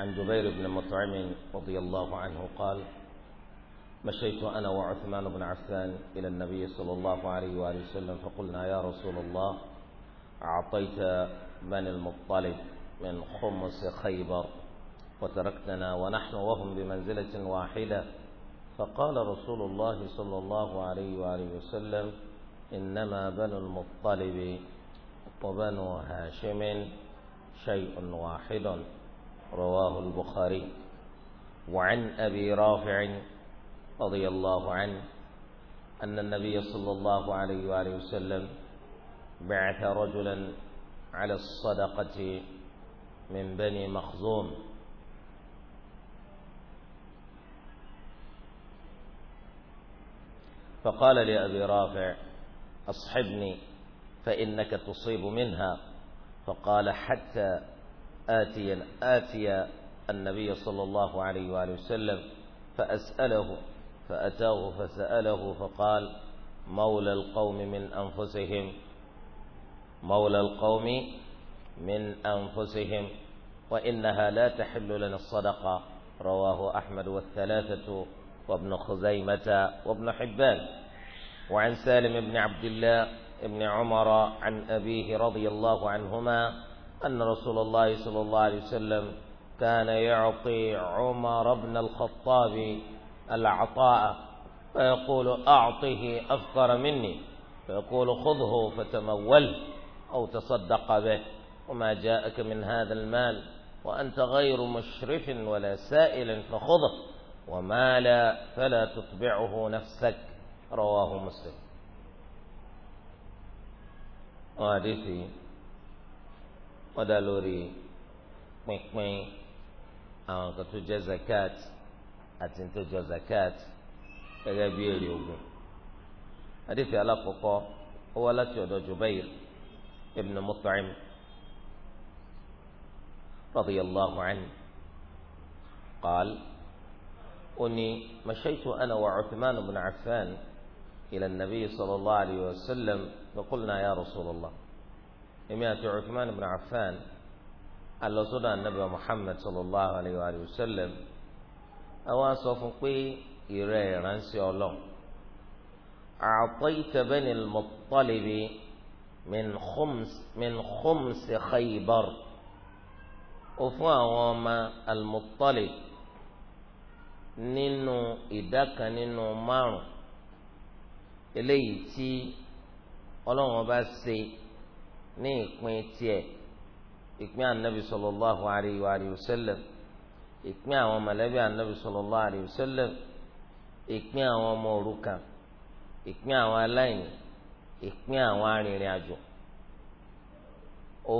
عن جبير بن مطعم رضي الله عنه قال مشيت أنا وعثمان بن عفان إلى النبي صلى الله عليه وآله وسلم فقلنا يا رسول الله أعطيت من المطلب من خمس خيبر وتركتنا ونحن وهم بمنزلة واحدة فقال رسول الله صلى الله عليه وآله وسلم إنما بنو المطلب وبنو هاشم شيء واحد رواه البخاري وعن أبي رافع رضي الله عنه أن النبي صلى الله عليه وآله وسلم بعث رجلا على الصدقة من بني مخزوم فقال لأبي رافع أصحبني فإنك تصيب منها فقال حتى آتيا آتيا النبي صلى الله عليه وآله وسلم فأسأله فأتاه فسأله فقال مولى القوم من أنفسهم مولى القوم من أنفسهم وإنها لا تحل لنا الصدقة رواه أحمد والثلاثة وابن خزيمة وابن حبان وعن سالم بن عبد الله بن عمر عن أبيه رضي الله عنهما أن رسول الله صلى الله عليه وسلم كان يعطي عمر بن الخطاب العطاء فيقول أعطه أفقر مني فيقول خذه فتمول أو تصدق به وما جاءك من هذا المال وأنت غير مشرف ولا سائل فخذه وما لا فلا تطبعه نفسك رواه مسلم وحديثي wọ́n dá lórí pínpín àwọn kan tó jẹ́ zakat àti tó jọ zakat gẹ́gẹ́ bí èrè ogun adéfì alákọ̀ọ́kọ́ ó wá láti ọ̀dọ̀ Jubair ibn Mut'im radiyallahu anhu qaal oni mashaitu ana wa Uthman ibn Affan ila nabi sallallahu alayhi wa sallam fa qulna ya rasulallah. èmi àti Uthman ibn Affan alọ́sọ́dọ̀ anabi Muhammad sallallahu alayhi wa sallam àwọn sọ fún pé ìrẹ́ ìránṣẹ́ ọlọ́run àpẹ́yìtẹ̀ bẹ́ni al-Muttalibi min khums min khums Khaybar ó fún àwọn ọmọ al nínú ìdá kan nínú márùn eléyìí tí ọlọ́run bá ṣe ní ìpín tiẹ̀ ìpín anabi sallallahu alayhi wa alihi wa sallam ìpín àwọn mọ̀lẹ́bí anabi sallallahu alayhi wa sallam ìpín àwọn ọmọ òrukàn ìpín àwọn aláìní ìpín àwọn arìnrìn àjò ó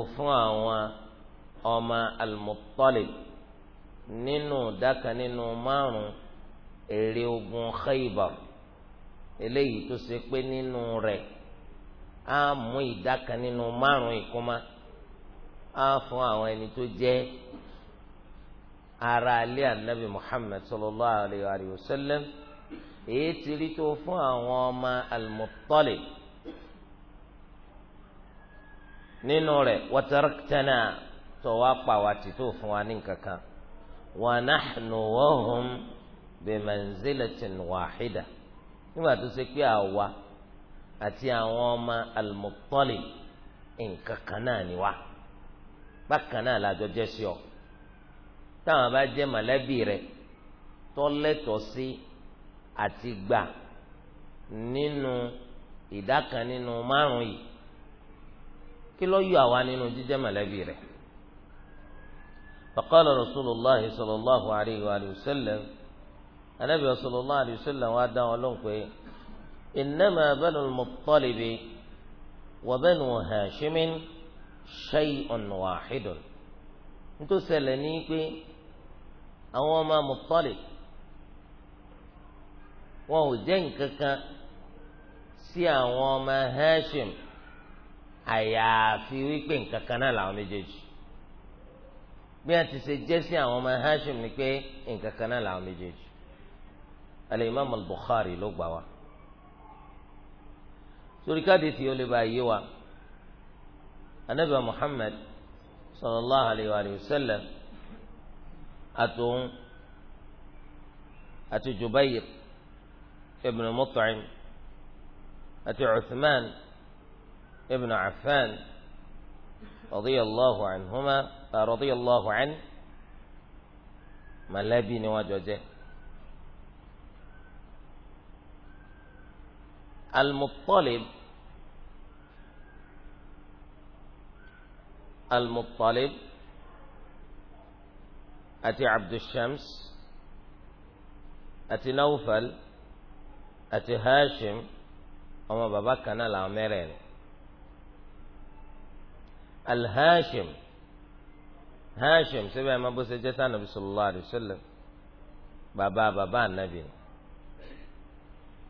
àwọn ọmọ al nínú dáka nínú márùn èrè ogun Khaybar eléyìí tó ṣe pé nínú rẹ̀ á mú ìdá kan nínú márùn ìkúnmá á fún àwọn ẹni tó jẹ́ ara alẹ́ anabi muhammed sallallahu alayhi wa sallam èyí ti rí tó fún àwọn ọmọ al-Muttalib nínú rẹ̀ wàtàrẹ́kítẹ́nà tó wá pa wá ti tó fún wa ní kankan wa nahnu wa hum bimanzilatin wahida nígbà tó ṣe pé àwa àti àwọn ọmọ al-Muttalib nǹkan kan náà ni wá bákan náà la jọ jẹ́ sí ọ táwọn bá jẹ́ mọ̀lẹ́bí rẹ tọ́lẹ́tọ̀ sí àti gbà nínú ìdá kan nínú márùn yìí kí ló yọ àwa nínú jíjẹ́ mọ̀lẹ́bí rẹ. فقال رسول الله صلى الله عليه وآله وسلم النبي صلى الله عليه وسلم وأدعى لهم إنما بنو المطلب وبنو هاشم شيء واحد انتو سألني كي أو ما مطلب وهو جنكك sí àwọn ọmọ Hashim àyàfi wípé nǹkan kan náà làwọn méjèèjì bí a ti ṣe jẹ́ sí àwọn ọmọ Hashim ni pé nǹkan kan náà làwọn méjèèjì Al-Imam Al-Bukhari ló gbà wá sórí káàdì tí ó lè bá yé wa anabi muhammed sallallahu alayhi wa sallam àtòun àti jubair ibn mut'im àti uthman ibn affan radiyallahu anhuma allahu an malabi ni wa jọ al-Muttalib al-Muttalib àti Abdulshams àti Nawfal àti Hashim ọmọ bàbá kan náà làwọn mẹ́rẹ̀ẹ̀rin al-Hashim Hashim síbẹ̀ ẹ̀ máa bó ṣe jẹ́ sànàbí sallallahu alaihi wasallam bàbá bàbá ànábì ni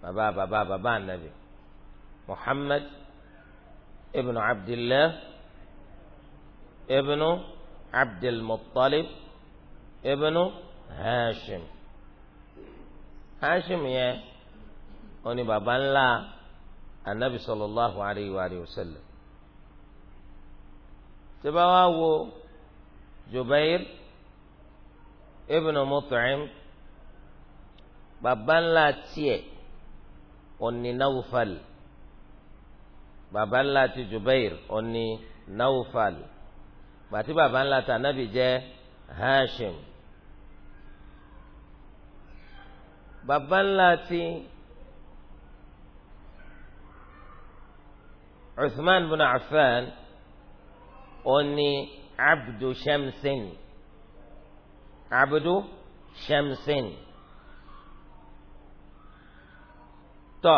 bàbá bàbá bàbá anabi muhammad ibn abdillah ibn abdulmuttalib ibn hashim hashim yẹn ó ní bàbá ńlá anabi sallallahu alayhi wa alihi wa sallam tí bá wá wo jubair ibn mut'im bàbá ńlá tiẹ̀ òní Nawfal baba ńlá ti Jubair òní Nawfal gbàtí baba ńlá ta anabi jẹ́ Hashim baba ńlá ti Uthman bin Affan òní Abdu Shamsin Abdu Shamsin. tọ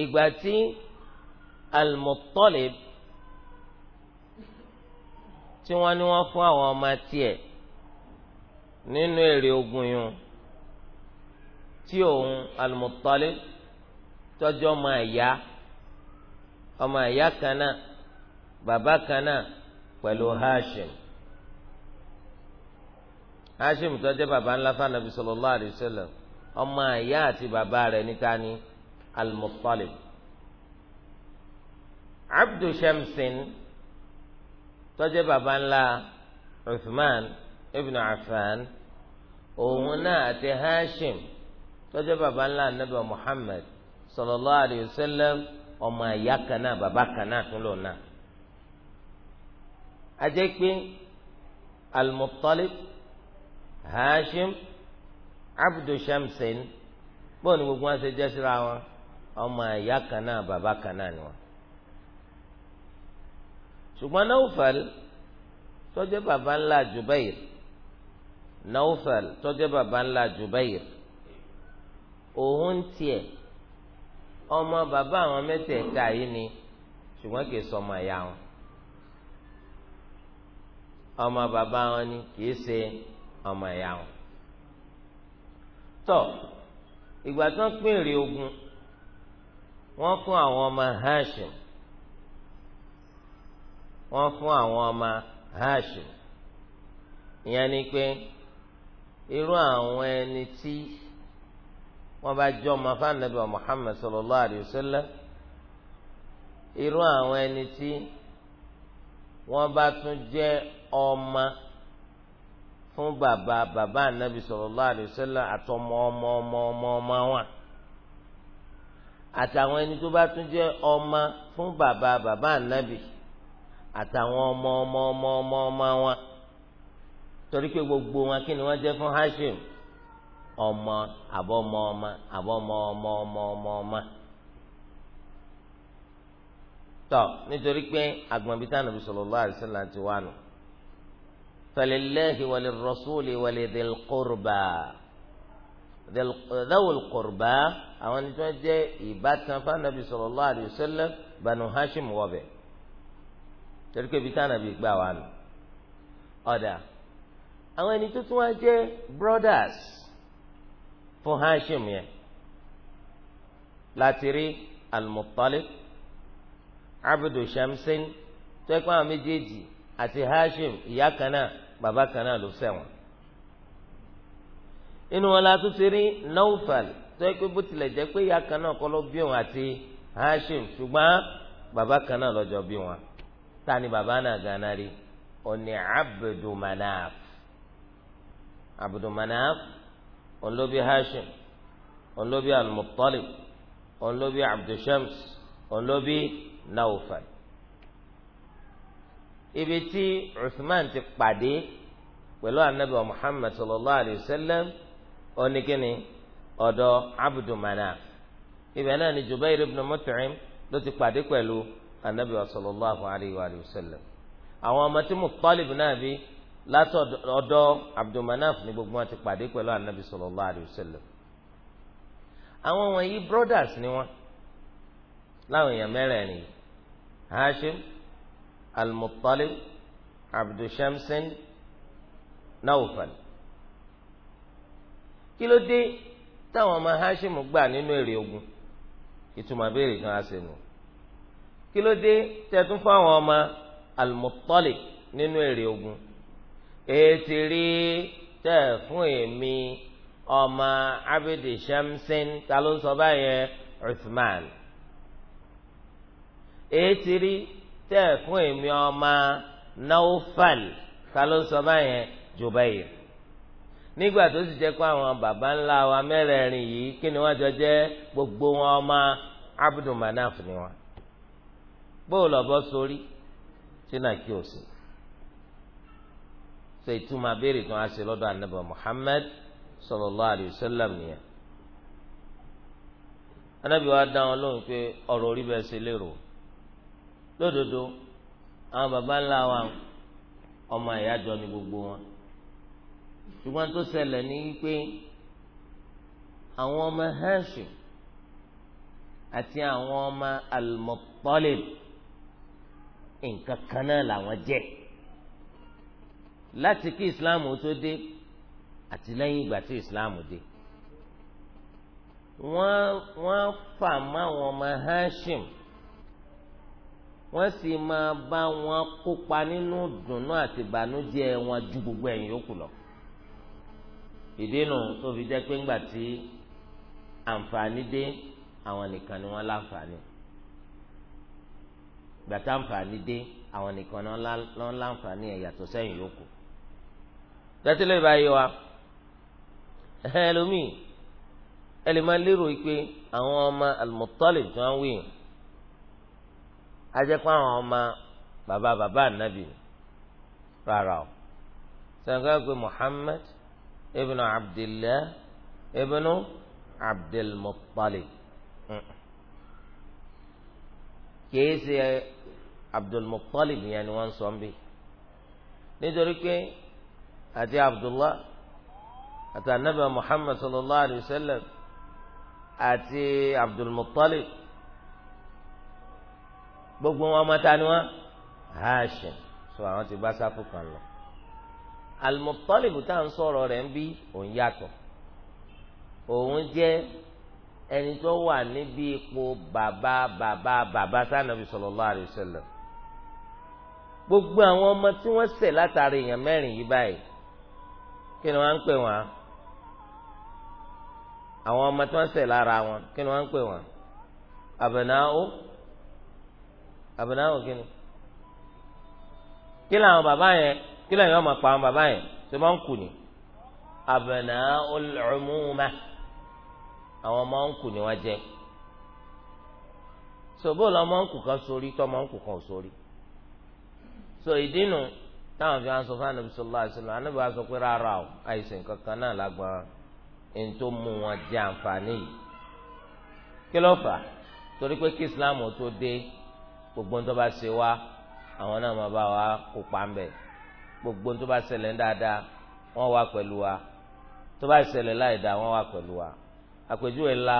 ìgbà tí al-Muttalib tí wọ́n ní wọ́n fún àwọn ọmọ tiẹ̀ nínú èrè ogun yun tí òun al-Muttalib tọjọ ọmọ ẹ̀yà ọmọ ẹ̀yà kan bàbá kan náà Hashim Hashim tọjọ bàbá ńlá fún anabi sallallahu alayhi wa ọmọ ìyá àti bàbá rẹ̀ níta ni al-Muttalib abdu shamsin tó jẹ́ bàbá ńlá uthman ibn affan òun náà àti hashim tó jẹ́ bàbá ńlá anabi muhammad sallallahu alayhi ọmọ ìyá kan bàbá kan tún lò náà a pé al hashim abdu shamsin bọ́ọ̀ ni gbogbo wọn ṣe jẹ́ síra wọn ọmọ ìyá kan náà bàbá kan náà ni wọn. ṣùgbọ́n Nawfal tó jẹ́ bàbá ńlá Jubair Nawfal tó jẹ́ bàbá ńlá Jubair òun tiẹ̀ ọmọ bàbá àwọn mẹ́tẹ̀ẹ̀ta yìí ni ṣùgbọ́n kì í sọ ọmọ ìyá wọn ọmọ bàbá wọn ni kì í ṣe ọmọ ìyá wọn. tọ ìgbà tí wọ́n pín èrè ogun wọ́n fún àwọn ọmọ Hashim wọ́n fún àwọn ọmọ Hashim ìyẹn ni pé irú àwọn ẹni tí wọn bá jọ ọmọ fanabi Muhammad sallallahu alayhi iru irú àwọn ẹni tí bá tún jẹ ọmọ. fún bàbá bàbá anabi sallallahu alaihi wasallam àtọmọ ọmọ ọmọ ọmọ ọmọ wọn àtàwọn ẹni tó bá tún jẹ́ ọmọ fún bàbá bàbá anabi àtàwọn ọmọ ọmọ ọmọ ọmọ ọmọ wọn torí pé gbogbo wọn kí ni wọ́n jẹ́ fún Hashim ọmọ àbọmọ ọmọ àbọmọ ọmọ ọmọ ọmọ ọmọ tọ nítorí pé agbọ̀nbí tí anabi sallallahu alaihi wasallam ti wà nù. فلله وللرسول ولذي القربى ذوي القربى àwọn ẹni tí wọn jẹ ìbátan fanabi sallallahu alayhi wa sallam banu hashim wọbẹ torí pé ibi tí anabi gbà wà nù ọdà àwọn ẹni tó tún wá jẹ brothers fún hashim yẹn láti rí al-muttalib abdu shamsin tó ẹ pé àwọn méjèèjì àti hashim ìyá kan náà bàbá kan náà ló ṣẹ̀wọ̀n inú wọn la tún ti rí Naufal tó yẹ pé bó tilẹ̀ jẹ́ pé ìyá kan náà kọ́ ló bí òun àti Hashim ṣùgbọ́n bàbá kan náà lọ́jọ́ bí wọn ta ni bàbá náà gánà rí òní Abdulmanaf Abdulmanaf òun ló bí Hashim òun ló bí Naufal ibi tí Uthman ti pàdé pẹ̀lú anabi Muhammad sallallahu alayhi wa sallam oníkíni ọ̀dọ̀ Abdu Manaf ibẹ̀ náà ni Jubair ibn Mut'im ló ti pàdé pẹ̀lú anabi sallallahu alayhi wa sallam àwọn ọmọ tí Muttalib náà bí láti ọ̀dọ̀ Abdu Manaf ni gbogbo wọn ti pàdé pẹ̀lú anabi sallallahu alayhi wa sallam àwọn wọ̀nyí brothers ni wọn láwọn èèyàn mẹ́rẹ̀ẹ̀rin Hashim al-muttalib abdu shamsin naufal kí ló dé táwọn ọmọ hashim gbà nínú èrè ogun ìtumọ̀ béèrè kan á sì nù kí ló dé tẹ̀tún fáwọn ọmọ al-muttalib nínú èrè ogun ètì rí tẹ̀ fún èmi ọmọ abidi shamsin ta ló ń sọ báyẹn uthman ètì rí. tẹ́ emi fún èmi ọmọ Naufal ta ló sọ báyẹn Jubair nígbà tó sì jẹ́ pé àwọn baba ńlá wa yìí kí ni wọ́n jọ jẹ́ gbogbo wọn ọmọ Abdul ni wọn bóò lọ́bọ́ sórí tí náà kí o sí ṣe á sallallahu alayhi sallam nìyẹn wa lóhùn pé orí lódodo àwọn baba ńlá wa ọmọ ìyájọ ni gbogbo wọn ṣùgbọ́n tó ṣẹlẹ̀ ní pé àwọn ọmọ Hashim àti àwọn ọmọ Al-Muttalib nǹkan kan náà làwọn jẹ́ láti kí ìsìláàmù tó dé àti lẹ́yìn ìgbà tí ìsìláàmù dé wọ́n wọ́n fà má ọmọ Hashim wọ́n sì máa bá wọn kópa nínú dùnnú àti ìbànújẹ́ wọn ju gbogbo ẹ̀yìn yòókù lọ. ìdínú tó fi jẹ́ pé ńgbà tí àǹfààní dé àwọn nìkan ni wọ́n láǹfààní gbàtà àǹfààní dé àwọn nìkan ni wọ́n láǹfààní ẹ̀ yàtọ̀ sẹ́yìn yòókù. tẹ́tílẹ̀ báyìí wa ẹlòmíì ẹ lè máa lérò pé àwọn ọmọ al tí wọ́n wí yìí ajẹ́ pé àwọn ọmọ bàbá bàbá ànábì rárá o sọ̀rọ̀ pé Muhammad ibn Abdillah ibn Abdul Muttalib kìí ṣe Abdul Muttalib yẹn ni wọ́n ń sọ ń bì nítorí pé àti Abdullah àti anabi Muhammad sallallahu alayhi wa sallam àti Abdul gbogbo wọn ọmọ ta ni wọn Hashim so àwọn ti bá sáfù kan lọ Al-Muttalibu tá à ń sọ̀rọ̀ rẹ̀ ń bí òun yàtọ̀ òun jẹ́ ẹni tó wà níbi ipò bàbá bàbá bàbá sànàbí sallallahu alaihi wasallam gbogbo àwọn ọmọ tí wọ́n ṣẹ̀ látàrí èèyàn mẹ́rin yìí báyìí kí ni wọ́n ń pè wọ́n àwọn ọmọ tí wọ́n ṣẹ̀ lára wọn kí ni wọ́n ń pè wọ́n abna'u àbùnáwò kí ni kí làwọn bàbá yẹn kí làwọn yẹn máa pa àwọn bàbá yẹn tó máa ń kù ni àbùnáwò lọ́mùmá àwọn ọmọ ń kù ni wọ́n jẹ́ sọ́bọ́ lọ́mọ ń kù kan sórí tọ́mọ ń kù kan sórí so ìdínú táwọn fi aṣọ fún anabi sọlá àṣìlò anabi aṣọ pé rárá o àìsàn kankan náà lágbára ẹni tó mú wọn jẹ àǹfààní yìí kí ló fà torí pé kí islam tó dé gbogbo ń tó bá ṣe wá àwọn náà máa bá wa kópa ń bẹ̀ gbogbo ń tó bá ṣẹlẹ̀ ń dáadáa wọ́n wà pẹ̀lú wa tó bá ṣẹlẹ̀ láì dáa wọ́n wà pẹ̀lú wa àpèjúwe ńlá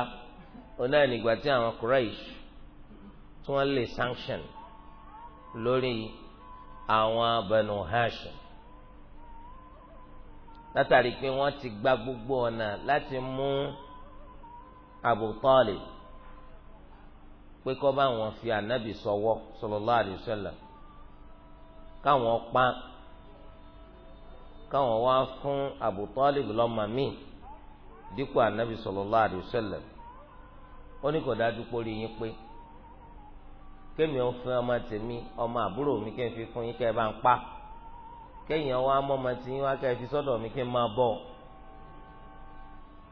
oná ìnìgbà tí àwọn Quraysh tí wọ́n lè sanction lórí àwọn Banu Hashim látàrí pé wọ́n ti gba gbogbo ọ̀nà láti mú Abu Talib pé kọ́ bá wọn fi ànábì sọwọ́ sallallahu alaihi wasallam káwọn pa káwọn wá fún Abu Talib lọ́mọ mi dípò ànábì sallallahu alaihi wasallam ó ní kò dájú pé orí yín pé kémi ó fún ọmọ tèmi ọmọ àbúrò mi kẹ́ ń fi fún yín kẹ́ ẹ bá ń pa kéèyàn wá mọ́ ọmọ tí yín wá kẹ́ ẹ fi sọ́dọ̀ mi kẹ́ ẹ máa bọ̀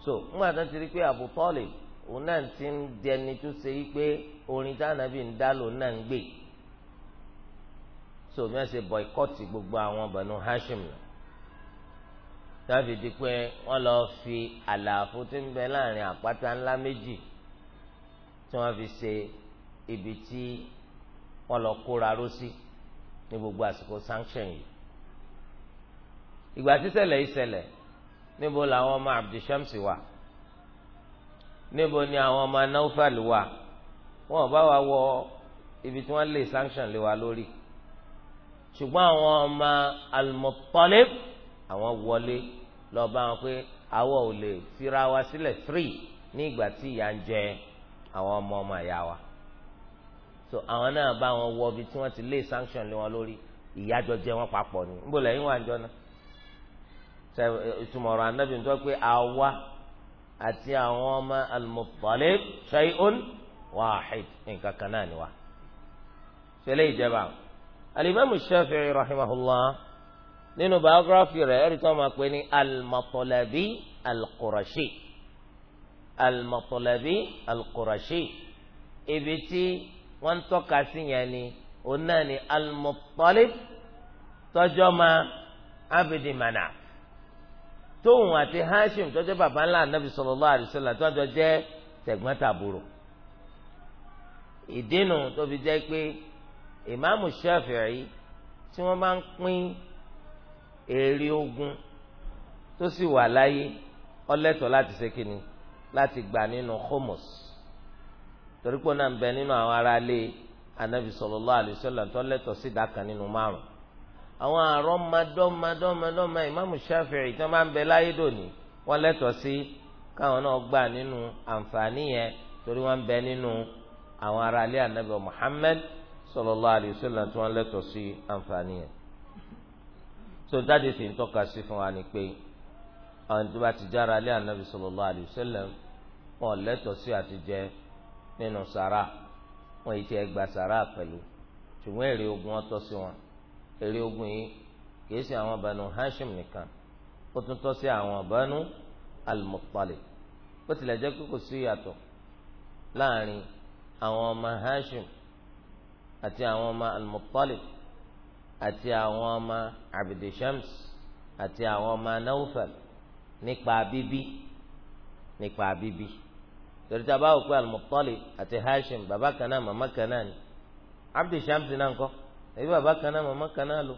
so ńgbà tó ti rí pé Abu Talib òun náà ti ń dẹni tó ṣe yí pé orin tánàbí ń dá lò náà ń gbè so mi à ṣe bọ̀ìkọ́tì gbogbo àwọn Banu Hashim tábìdì pé wọ́n lọ fi àlàfo tí ń bẹ láàrin àpáta ńlá méjì tí wọ́n fi ṣe ibi tí wọ́n lọ kóra ró sí ní gbogbo àsìkò sanction yìí ìgbà tíṣẹ̀lẹ̀ ìṣẹ̀lẹ̀ níbo làwọn ọmọ Abdulshams wà níbo ni àwọn ọmọ Naufal wà wọn ò bá wa wọ ibi tí wọ́n lè sanction lé wa lórí ṣùgbọ́n àwọn ọmọ al-Muttalib àwọn wọlé lọ bá wọn pé àwọn ò lè fira wa sílẹ̀ free ní ìgbà tí ìyà ń jẹ àwọn ọmọ ọmọ ìyá wa so àwọn náà bá wọn wọ ibi tí wọ́n ti lè sanction lé wọn lórí ìyájọ jẹ wọn papọ̀ ni níbo lẹ́yìn wà ń jọ náà ṣe ìtumọ̀ ọ̀rọ̀ anábìyẹn tó pé àwa àti àwọn ọmọ al-Muttalib shay'un wahid nǹkan kan náà ni wa ṣẹlẹ̀ ìjẹba alimami shafi'i rahimahullah nínú biography rẹ̀ ẹ̀rí tí wọ́n máa pè ní al-matalabi al-qurashi al-matalabi al-qurashi ibi tí wọ́n ń tọ́ka sí yẹn ni òun náà ni al-muttalib tọ́jọ́ ma abidi manaf tóun àti hashim tọ́jọ́ baba ńlá anabi sallallahu alaihi wasallam tọ́jọ́ jẹ́ tẹ̀gbọ́n tàbúrò ìdínú tó fi jẹ́ pé ìmáàmù Ṣáfi'í tí wọ́n bá ń pín èrè ogun tó sì wà láyé ọlẹ́tọ̀ láti ṣe kínní láti gbà nínú homos torí pé náà ń bẹ nínú àwọn ará ilé anabi sallallahu alaihi wasallam tó lẹ́tọ̀ sí ìdákan nínú márùn àwọn àrọmọdọmọdọmọdọmọ ìmáàmù Ṣáfi'í tó máa ń bẹ láyé dòní wọ́n lẹ́tọ̀ sí káwọn náà gbà nínú àǹfààní yẹn torí wọ́n ń bẹ nínú àwọn ará ilé anabi Muhammad sallallahu alayhi wa sallam tí wọ́n lẹ́tọ̀ọ́ sí àǹfààní yẹn tó dáde sì ń tọ́ka sí fún wa ni pé àwọn tó bá ti jára ilé anabi sallallahu alayhi wa sallam wọ́n lẹ́tọ̀ọ́ sí àti jẹ nínú sàrà wọ́n yìí ti ẹgbà sàrà pẹ̀lú ṣùgbọ́n èrè ogun ọ̀tọ̀ sí wọn èrè ogun yìí kìí ṣe àwọn Banu Hashim nìkan ó tún tọ́ sí àwọn Banu al-Muttalib tilẹ̀ jẹ́ kókò sí ìyàtọ̀ láàrin àwọn ọmọ Hashim àti àwọn ọmọ Al-Muttalib àti àwọn ọmọ Abdishams àti àwọn ọmọ Nawfal nípa bíbí nípa bíbí torí tá a bá wò pé Al-Muttalib àti Hashim bàbá kan náà màmá kan náà ni Abdishams náà ń kọ́ ẹbí bàbá kan náà màmá kan náà lò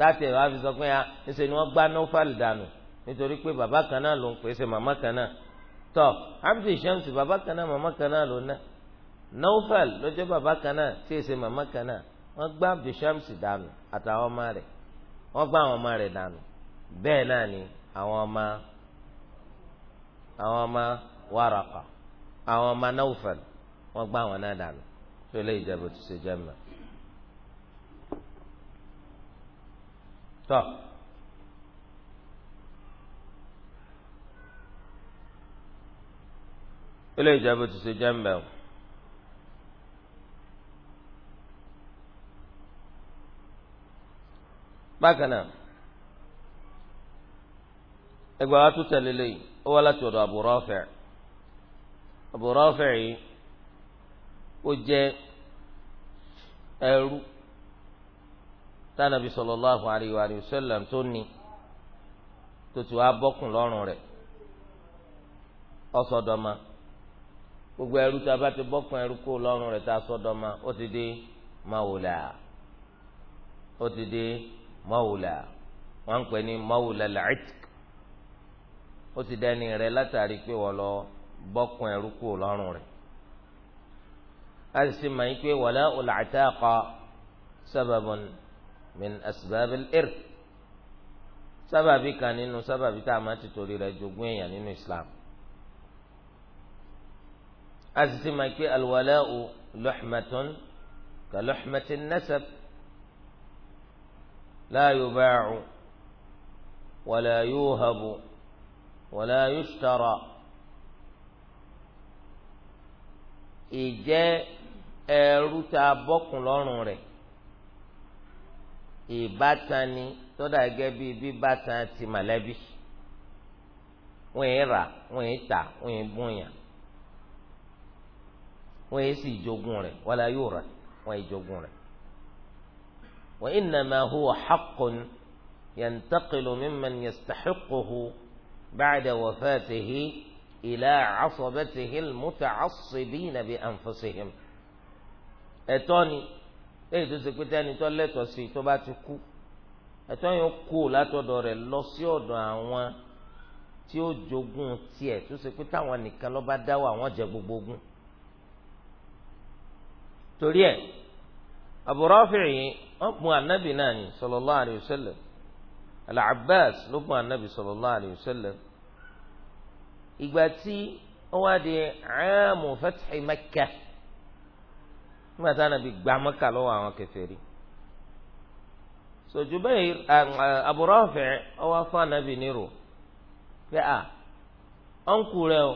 táàtì ẹ̀ wá fi sọ pé ah, ṣe ni wọ́n gbá Nawfal dànù nítorí pé bàbá kan ló ń pèsè màmá kan náà Abdishams bàbá kan màmá kan náà náà. Naufal ló jẹ́ bàbá kan náà tí èsè màmá kan náà wọ́n gbá Abdulshamsi dànù àtàwọn ọmọ rẹ̀ wọ́n gbá àwọn ọmọ rẹ̀ dànù bẹ́ẹ̀ náà ni àwọn ọmọ àwọn ọmọ Waraqa àwọn ọmọ Naufal wọ́n gbá àwọn náà dànù tó lè jẹ́ bó ṣe jẹ́ mọ́. ilé ìjẹ́bù ti ṣe jẹ́ mbẹ́ o. bákan náà ẹgbẹ́ wa tún tẹ̀lé lẹ́yìn ó wá láti ọ̀dọ̀ Abu yìí ó jẹ́ ẹrú tánàbí tó ní bọ́kùn lọ́rùn rẹ̀ ọ̀sọ̀dọ̀mà gbogbo ẹrú tá a bá ti ti di ó ti di. mawula wọ́n pè ní mawula la'itk ó ti dẹni rẹ̀ látàrí pé wọ́n lọ bọ́kùn ẹrú kúrò lọ́rùn rẹ̀ a sì sì máa ń pé wala'ul ataqa sababun min asbabil irth sábàbí kan nínú sábàbí tá a máa ti torí rẹ̀ jogún èèyàn nínú Islam a sì sì máa ń pé alwala'u luhmatun ka luhmatin nasab. لا يباع ولا يوهب ولا يشترى ìjẹ́ ẹrú tá a bọ́kùn lọ́rùn rẹ̀ ìbátan ni tọ́dà gẹ́gẹ́ bíi bíbátan ti mọ̀lẹ́bí wọ́n yìí rà wọ́n yìí tà wọ́n yìí bùnyàn wọ́n yìí sì jogun rẹ̀ wọ́n yóò rà wọ́n yìí jogun rẹ̀. وإنما هو حق ينتقل ممن يستحقه بعد وفاته إلى عصبته المتعصبين بأنفسهم ẹ̀tọ́ni lẹ́yìn tó ṣe pé tẹni tó lẹ́tọ̀ọ́ sí tó bá ti kú ẹ̀tọ́ yẹn kú látọ̀dọ̀ rẹ̀ lọ sí ọ̀dọ̀ àwọn tí ó jogún tiẹ̀ tó ṣe pé táwọn nìkan ló bá dáwọ́ àwọn jẹ gbogbo ogún torí ẹ̀ Abu Rafi'i yìí wọ́n pọ́n anabi náà ní sallallahu alayhi wa sallam Al-Abbas ló pọ́n anabi sallallahu alayhi wa sallam ìgbà tí wọ́n wá di aamu fathi Makkah nígbà tí anabi gba Makkah lọ́wọ́ àwọn kèfèrí so Jubair Abu Rafi' wọ́n wá fún anabi nírò pé a ah, ọ̀nkù rẹ o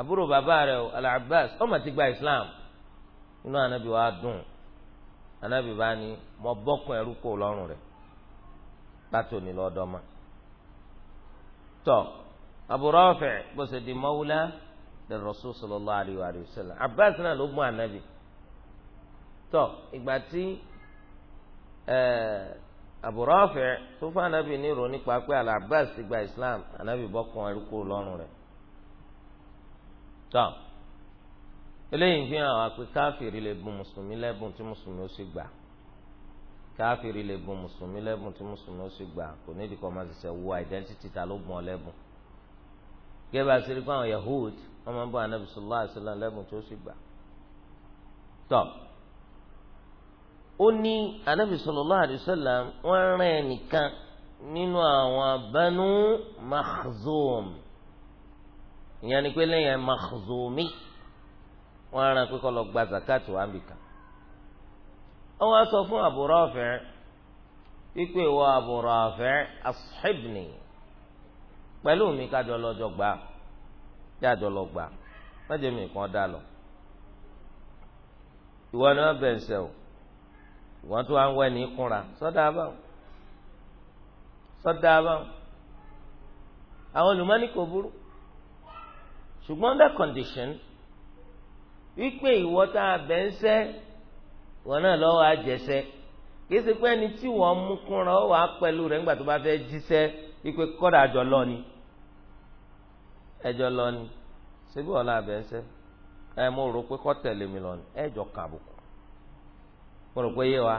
àbúrò bàbá rẹ o Al-Abbas ọmọ ti gba Islam inú anabi wàá dùn anabi bá ní mo bọ́kùn ẹrú kò lọ́rùn rẹ̀ látò ní lọ́dọ́mà tọ́ Abu Rafi bó ṣe di mawla lè Rasul sallallahu alayhi wa sallam Abbas náà ló gbọ́n anabi tọ́ ìgbà tí Abu Rafi tó fún anabi ní ìròyìn nípa pé abbas ti gba Islam anabi bọ́kùn ẹrú kò lọ́rùn rẹ̀ tọ́ eléyìí fi hàn wá pé káfíìrì lè bùn mùsùlùmí lẹ́bùn tí mùsùlùmí ó sì gbà káfíìrì lè bùn mùsùlùmí lẹ́bùn tí mùsùlùmí ó sì gbà kò ní ìdíkọ̀ máa ṣẹ̀ṣẹ̀ wo àìdẹ́ntìtì ta ló bùn ọ lẹ́bùn gẹ́gẹ́ bá a ṣe rí fún àwọn yahood wọ́n máa ń bọ́ anabi sọlá àṣìlá lẹ́bùn tí ó sì gbà tọ́ ó ní anabi sọlá àdìsọ́là wọ́n rán ẹnìkan nínú àwọn Banu Makhzum ìyẹn ni pé lẹ́yìn Makhzumi wọ́n aràn pé kó lọ gba zakat wà nìkan. ó wá sọ fún Abu Rafi' wípé ìwọ Abu Rafi' ashibni pẹ̀lú mi kájọ lọ́jọ́ gbà jájọ lọ gbà mẹ́jọ mi kàn dá lọ. ìwọ ni wọ́n bẹ̀ ń sẹ́ o ìwọ tó wá ń wẹ̀ ní kúnra sọ́dà báwọn sọ́dà báwọn àwọn olùmọ́ni kò burú ṣùgbọ́n under condition. wípé ìwọ tá a bẹ̀ ń sẹ́ wọn náà lọ́wọ́ àjẹsẹ́ kì í ṣe pé ẹni tí wọ́n mú kúnra ó wà pẹ̀lú rẹ̀ nígbà tó bá fẹ́ jíṣẹ́ wípé kọ́dà àjọ lọ ni ẹjọ lọ ni ṣébí wọn bẹ̀ ń sẹ́ ẹ mo rò pé kọ́ tẹ̀lé mi wa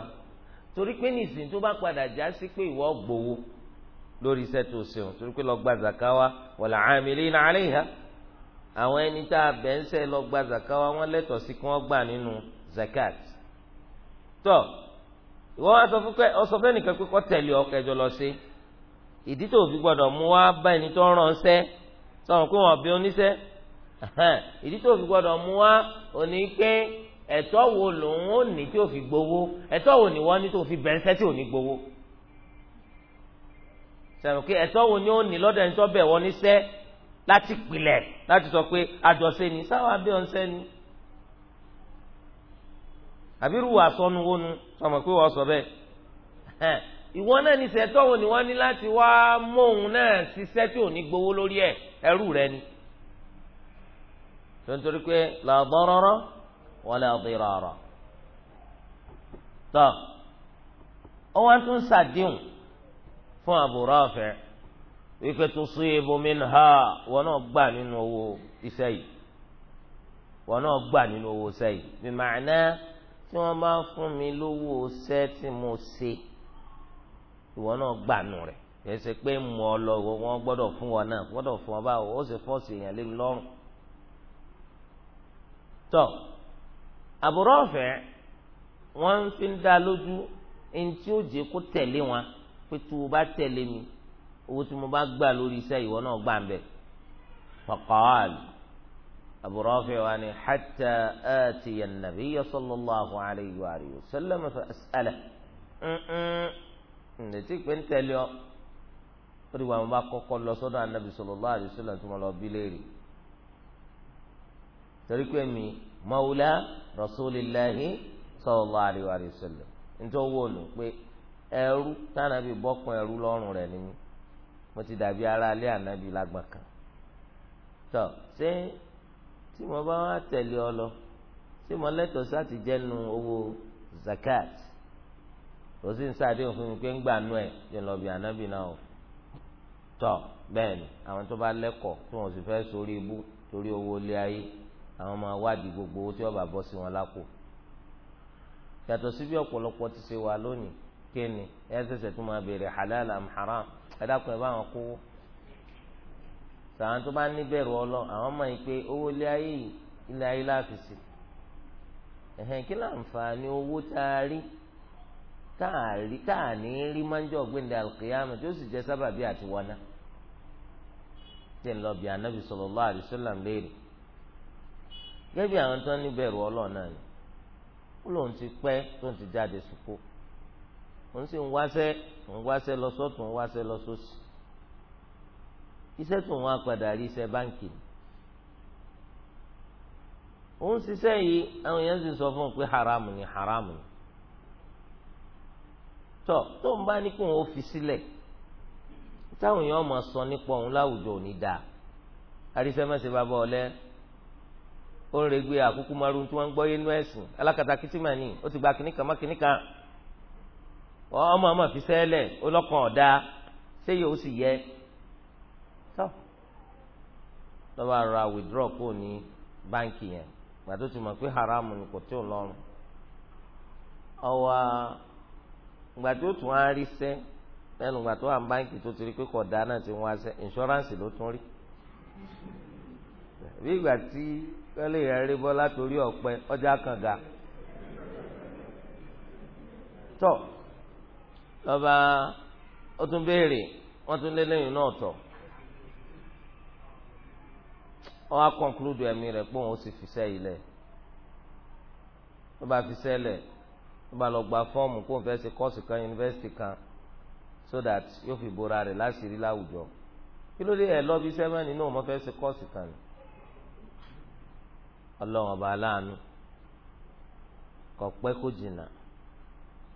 torí pé nìsín tó bá padà àwọn ẹni tá a bẹ̀ ń sẹ́ lọ gba zaka wa wọ́n lẹ́tọ̀ọ́ sí kí wọ́n gbà nínú zakat tọ́ ìwọ wá sọ fún pé ọsọ fẹ́ nìkan pé kọ́ tẹ̀lé ọkẹjọ lọ sí ìdí tó fi gbọdọ̀ mú wá bá ẹni tó ń ránṣẹ́ sọ̀rọ̀ pé wọ́n bí oníṣẹ́ ìdí tó fi gbọdọ̀ mú wá òní pé ẹ̀tọ́ wo lòun ò ní tí ò fi gbowó ẹ̀tọ́ wo ni wọ́n ní tó fi bẹ̀rẹ̀ tí ò ní gbowó sọ̀rọ̀ pé ẹ̀tọ́ wo ni ó ní lọ́dọ̀ ẹni tó bẹ̀ wọ́n níṣẹ́ láti pilẹ̀ láti sọ pé àjọṣe ni sáwọn abẹ́ ọ̀nṣẹ́ ni àbírú wà sọnù wónú sọmọ pé wọ́n sọ bẹ́ẹ̀ ìwọ náà ní sẹ́tọ́ wo ni wọ́n ní láti wá mọ́hún náà ṣiṣẹ́ tí ò ní gbowó lórí ẹ̀ ẹrú rẹ ni tó ń torí pé la darara wala dirara tó ọ wá tún ṣàdéhùn fún Abu Rafi' wípé tusibu minha wọn náà gbà nínú owó iṣẹ́ yìí wọn náà gbà nínú owó iṣẹ́ yìí bí màánà tí wọ́n bá fún mi lówó iṣẹ́ tí mo ṣe ìwọ náà gbà nù rẹ̀ kìí ṣe pé mọ lọ wọn gbọ́dọ̀ fún wọn náà gbọ́dọ̀ fún wọn báwo ó sì fọ́ọ̀sì èèyàn lé mi lọ́rùn. tọ́ àbúrò ọ̀fẹ́ wọ́n fi ń dá lójú ẹni tí ó jẹ́ kó tẹ̀lé wọn pé tó o bá tẹ̀lé mi owó tí mo bá gbà lórí iṣẹ́ ìwọ náà gbà ń bẹ̀. faqal Abu Rafi wa ni hatta atiya an-nabiyya sallallahu alayhi wa sallam fa as'alahu ǹdẹ̀tí pé ń tẹ̀lé ọ ó di wà mo bá kọ́kọ́ lọ sọ́dọ̀ anabi sallallahu alayhi wa sallam tó mo lọ bí léèrè torí pé mi mawla rasulillahi sallallahu alayhi wa sallam nítorí wọ́n nù pé ẹrú tánàbí bọ́kùn ẹrú lọ́rùn rẹ̀ ni mo ti dàbí ara alẹ́ ànábì lágbọ̀n kan tọ́ ṣé tí mo bá wá tẹ̀lé ọ lọ ṣé mo lẹ́tọ̀ọ́ sáti jẹ́nu owó zakat ó sì ń ṣàdéhùn fún mi pé ń gbà nú ẹ̀ ṣe lọ bí ànábì náà o tọ́ bẹ́ẹ̀ ni àwọn tó bá lẹ́kọ̀ọ́ tí wọ́n sì fẹ́ sórí ibú torí owó ilé ayé àwọn máa wádìí gbogbo owó tí wọ́n bá bọ́ sí wọn lápò yàtọ̀ sí ọ̀pọ̀lọpọ̀ ti ṣe wà lónìí kéènì ẹ̀ ṣẹ̀ṣẹ̀ tún máa béèrè halal am haram ẹ̀dàpọ̀ ẹ̀ bá wọn kówó sàwọn tó bá ọlọ àwọn owó ilé ayé ilé ayé kí owó tá a rí tá a rí tá a ní rí máa ń jọ gbẹ̀ndẹ̀ alùkìyàmù tí sì jẹ́ sábàbí àti wọná tí ń lọ bí anabi léèrè àwọn tó ń ọlọ náà ni ó lóun ti tó ń òun sì ń wáṣẹ́ òun wáṣẹ́ lọ sọ́tún òun wáṣẹ́ lọ sósì iṣẹ́ tó wọn padà rí iṣẹ́ báǹkì ni òun ṣiṣẹ́ yìí àwọn èèyàn sì sọ fún un pé haram ni haram ni tọ tó ń bá ní kó òun fi sílẹ̀ táwọn èèyàn máa sọ nípa òun láwùjọ òní dáa àríṣẹ́mẹ́sẹ̀ bàbá ọ̀lẹ́ ó ń regbe àkúkú márùn tí wọ́n ń gbọ́ yé nú ẹ̀sìn alákatakítí mà ó ti gba kìnnìkan má kìnnìkan. ọmọ ọmọ fi sẹ́lẹ̀ ọlọ́kàn ọ̀dá ṣé yóò sì yẹ tọ́ lọ́wọ́ ara withdraw kò ní báǹkì yẹn tó ti mọ̀ pé haram ni kò tí ò lọ́rùn ọwọ́ gbàdó tún á rí sẹ́ lẹ́nu tó wà báǹkì tó ti rí pé kọ̀ọ̀dá náà ti wá sẹ́ ìnṣọ́ránsì ló tún rí bí ìgbà tí wọ́n lè rí bọ́ látòrí ọ̀pẹ ọjà kànga tọ́. lọba ó tún béèrè wọ́n tún lé lẹ́yìn náà tọ̀ wọ́n á kọ́ńkúlùdù ẹ̀mí rẹ̀ pé òun ó sì fi sẹ́yìn lẹ̀ lọ́ba fi sẹ́lẹ̀ lọ́ba lọ gba fọ́ọ̀mù kó fẹ́ ṣe kọ́ọ̀sì kan yunifásitì kan so that yóò fi bora rẹ̀ láṣìírí láwùjọ kí ló dé ẹ̀ lọ́bi sẹ́mẹ́ni náà mo fẹ́ ṣe kọ́ọ̀sì kan ni ọlọ́run ọba aláàánú kò kó jìnnà.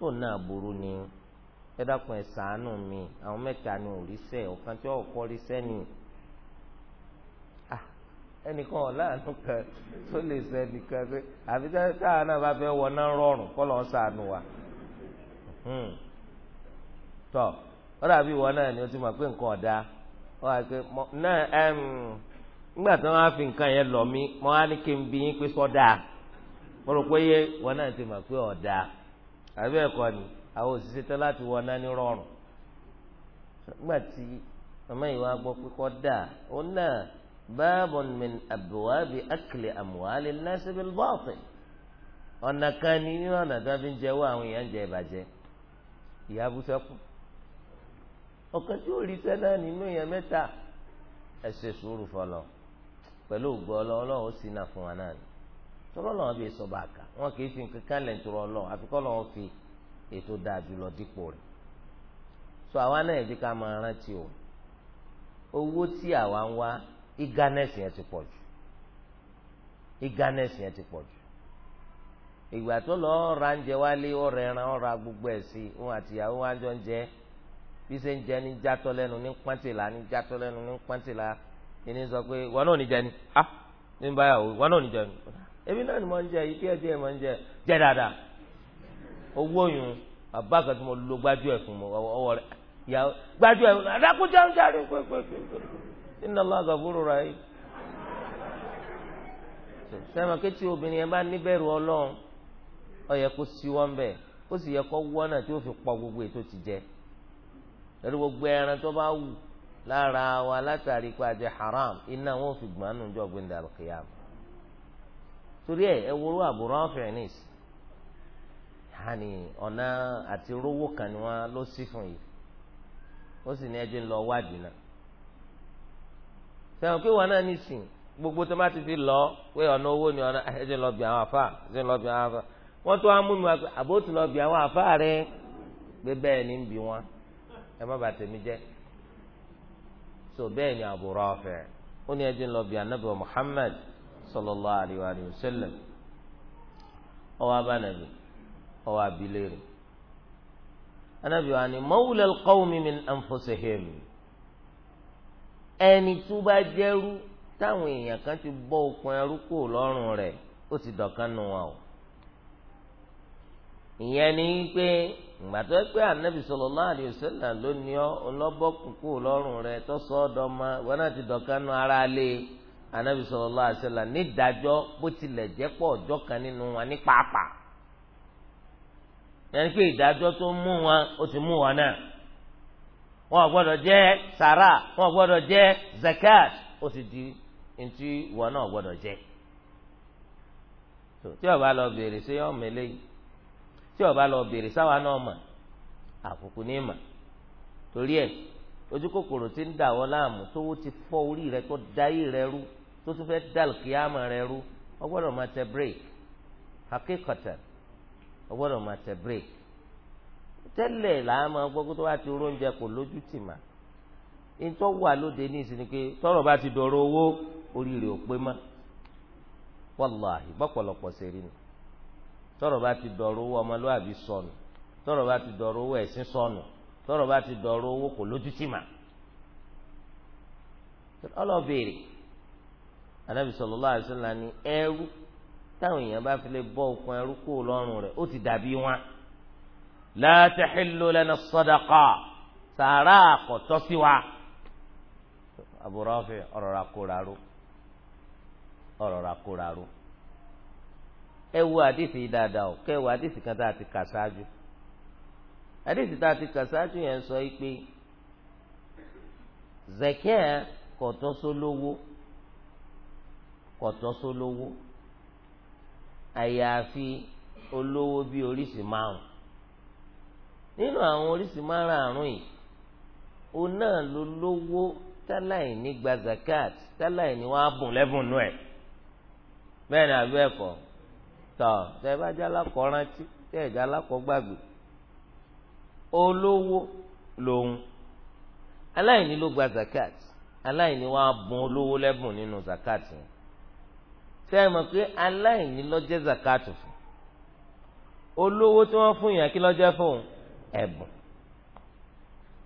so náà burú ni ẹ dákun ẹ mi àwọn mẹ́ta ni ò rí sẹ tí wọn kọ rí ni ah, ẹnìkan ọ̀làánú kan tó lè sẹ nìkan pé táwọn náà bá fẹ́ wọná rọrùn kọ́ lọ́n ṣàánú wa hmm. tọ ọ̀rọ̀ àbí ìwọ náà ni ti mọ̀ pé nǹkan ọ̀dà àti náà nígbà tí á lọ mí mọ á ní kí n bí yín pé mo rò pé yé náà ti mọ̀ àbẹ́ ẹ̀kọ́ ni àwọn òṣìṣẹ́ tán láti wọ náà ní rọrùn nígbà tí màmá yìí wá gbọ́ pé kọ́ dà ó náà báàbọ̀ min àbúwábi akli àmúhálẹ̀ násìbìl bọ́ọ̀tì ọ̀nà kan ní nínú ọ̀nà tó fi ń jẹ́wọ́ àwọn èèyàn jẹ ìbàjẹ́ ìyá abúṣẹ́kù ọ̀kan tí ó rí sẹ́nà nínú èèyàn mẹ́ta ẹ sùúrù fọlọ́ pẹ̀lú ògbọ́ ọlọ́run ó fún wa náà ni. tọrọ náà bí sọ bàkà wọn kì í fi nǹkan kan lẹ̀ ń tọrọ lọ lọ́wọ́ fi ètò dáa jùlọ dípò so àwa náà ẹ̀jẹ̀ ká máa rántí o owó tí àwa ń wá eagerness ti pọ̀ jù eagerness yẹn ti pọ̀ jù ìgbà tó lọ ra ń jẹ wálé ẹran ọ̀rọ̀ agbègbè wa jọ ń jẹ bí ṣe ń jẹ ah ní ebi náà ni mo ń jẹ yìí díẹ̀ díẹ̀ mo ń jẹ jẹ dáadáa owó yun bàbá kan tí mo lo gbájú ẹ fún mo rẹ ìyàwó gbájú ẹ ń jáde pẹpẹpẹ Allah sẹ́mi obìnrin yẹn bá níbẹ̀rù ọlọ́run yẹ kó ó sì yẹ kó a jẹ haram iná wọn ò fi torí ẹ ẹ wúrú àbúrò ọ̀fìnìs hàní ọ̀nà àti rówó kan ni wọ́n lọ sí fún yìí ó sì ní ẹjọ́ ń lọ wádìí náà pé wọn náà ní gbogbo tó bá ti lọ pé ọ̀nà owó ni ọ̀nà ẹjọ́ lọ bí àwọn àfa ẹjọ́ lọ bí àwọn àfa wọ́n tó wá mú mi wá pé lọ bí àwọn àfa rẹ pé bẹ́ẹ̀ ni ń bí wọn ẹ má bàa so bẹ́ẹ̀ ni àbúrò ó ní lọ Muhammad sallallahu alayhi wa sallam ó wá bá nàbì ó wá bi léèrè anabi wa ni mawulal qawmi min anfusihim ẹni tó bá jẹ́rú táwọn èèyàn kan ti bọ́ okùn ẹrú kúrò lọ́rùn rẹ̀ ó ti dọ̀kan nù wọn o ìyẹn ni pé ìgbàtọ́ pé anabi sallallahu alayhi wa ló ní ọ ọlọ́bọ̀kùn kúrò lọ́rùn rẹ̀ tó sọ ọ́ wọn náà ti dọ̀kan nù ara lé e. anabi sallallahu alaihi wasallam nídàájọ́ bó tilẹ̀ jẹ́ pọ̀ ọjọ́ kan nínú wọn ní pàápàá yẹn pé ìdájọ́ tó mú wọn ó ti mú wọn náà wọn ò jẹ sara wọn ò jẹ zakat ó sì di ntí wọn náà gbọ́dọ̀ jẹ tí o bá lọ béèrè sí ọmọ eléyìí tí bá lọ sáwa náà mà ní mà torí ẹ ojú kòkòrò ti ń dà wọ́n láàmú tówó ti fọ́ orí rẹ tó dá yìí tó tún fẹ́ dàlù kíámà rẹ rú ọ máa tẹ break akẹ́kọ̀tà ọ ma máa tẹ break tẹ́lẹ̀ làá gbọ́ ti kò lójú tì mà ìtọ́ wà lóde ní ìsinmi pé tọ́rọ̀ bá ti dọ̀rọ̀ owó oríire ò pé mọ́ wàláhì bọ́pọ̀lọpọ̀ sẹ́rí nù tọ́rọ̀ bá ti dọ̀rọ̀ owó ọmọlúwàbí sọnù tọ́rọ̀ bá ti dọ̀rọ̀ owó ti dọ̀rọ̀ owó kò lójú anabi sallallahu alaihi wasallam ni ẹrú táwọn èèyàn bá fi lè bọ́ òkun ẹrú kó lọ́rùn rẹ̀ ó ti dàbí wọn. la tahillu lana sadaqa sàárà àkọ́tọ́ sí wa. Abu Rafi ọ̀rọ̀ ra kó raró ọ̀rọ̀ ra kó raró. ẹ wo àdìsí yìí dáadáa o kẹ́ wo àdìsí kan tá a ti kà sáájú. àdìsí tá a ti kà sáájú yẹn sọ yìí pé zakia kọ̀tọ́ sólówó. So kọtọ sólówó àyàfi olówó bíi oríṣi márùn nínú àwọn oríṣi márùn yìí òun náà ló lówó táláì ní gba zakat táláì ní wàá bùn lẹ́bùn nù ẹ̀ bẹ́ẹ̀ ni àbí ẹ̀kọ́ tọ́ tẹ́ bá jẹ́ alákọ̀ọ́ rántí tẹ́ ẹ̀ jẹ́ alákọ̀ọ́ gbàgbé olówó lòun aláìní ló gba zakat aláìní wàá bùn olówó lẹ́bùn nínú zakat yẹn ṣé ẹ mọ̀ pé aláìní lọ́jẹ́ zakatu fún olówó tí wọ́n fún yàn kí lọ́jẹ́ fún ẹ̀bùn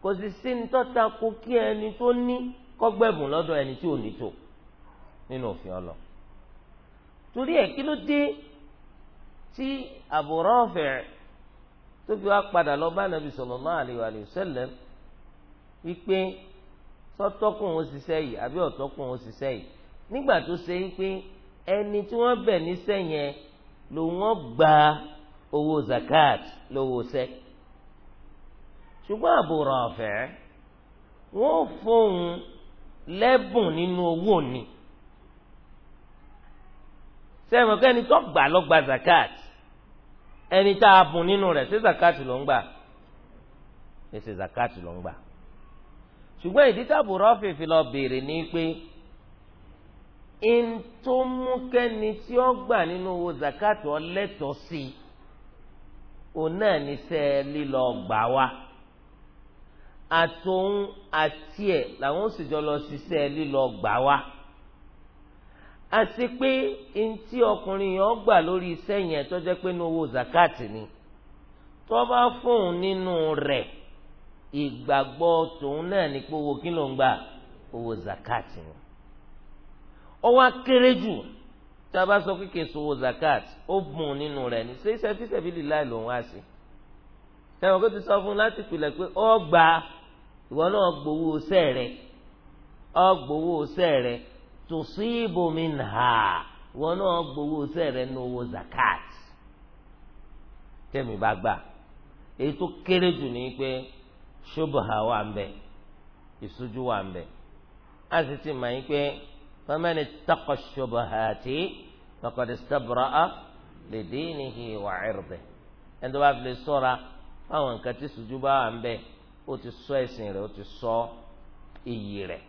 kò sì sí ní tọ́ta kó kí ẹni tó ní kọ́gbẹ́bùn lọ́dọ̀ ẹni tí ò ní tó nínú òfin ọlọ torí ẹ̀ kí ló dé tí Abu Rafi tó fi wá padà lọ bá nàbì sallallahu alaihi wasallam wípé sọ́tọ́kùn ó ṣiṣẹ́ yìí àbí ọ̀tọ́kùn ó ṣiṣẹ́ yìí nígbà tó ṣe wípé ẹni tí wọ́n bẹ̀ níṣẹ́ yẹn ló wọ́n gba owó zakat lówó sẹ́ ṣùgbọ́n Abu Rafi wọ́n fóun lẹ́bùn nínú owó ni sẹ́wọ̀n kẹ́ni tó gbà ló gba zakat ẹni tá a bùn nínú rẹ̀ ṣé zakat ló ń gbà ṣé zakat ló ń gbà ṣùgbọ́n ìdí táàbù rọ́ọ̀fì fi lọ béèrè ní pé in tó mú kẹ́ni tí ó gbà nínú owó zakat ọlẹ́tọ̀ọ́ sí i òun náà ní sẹ́ lílọ gbà wá àtòun àti ẹ̀ làwọn sì jọ lọ ṣiṣẹ́ lílọ gbà wá àti pé in tí ọkùnrin yẹn gbà lórí iṣẹ́ yẹn tó jẹ́ pé nínú owó zakat ni tó bá fóun nínú rẹ̀ ìgbàgbọ́ tòun náà ní pé owó kí ló ń gbà owó zakat ni ó wá kéré jù tá a bá sọ pé kì í sowó zakat ó bùn nínú rẹ̀ ní ṣé sẹbísẹbílì láì lòun á sí ẹwọn kó ti sọ fún láti pìlẹ̀ pé ọ gba ìwọ náà gbowó sẹ rẹ ọ gbowó sẹ rẹ tusibu minha ìwọ náà gbowó sẹ rẹ ní owó zakat tẹmí bá gbà èyí tó kéré jù ní pé ṣubha wà ń bẹ ìṣújú wà ń bẹ a sì ti mọ̀ yín pé. فمن اتقى الشبهات فقد استبرأ لدينه وعرضه ẹni tó bá fi lè ṣọ́ra fáwọn nǹkan tí sùjú bá wà ń bẹ ó ti ṣọ́ ẹ̀sìn rẹ̀ ó ti ṣọ́ iyì rẹ̀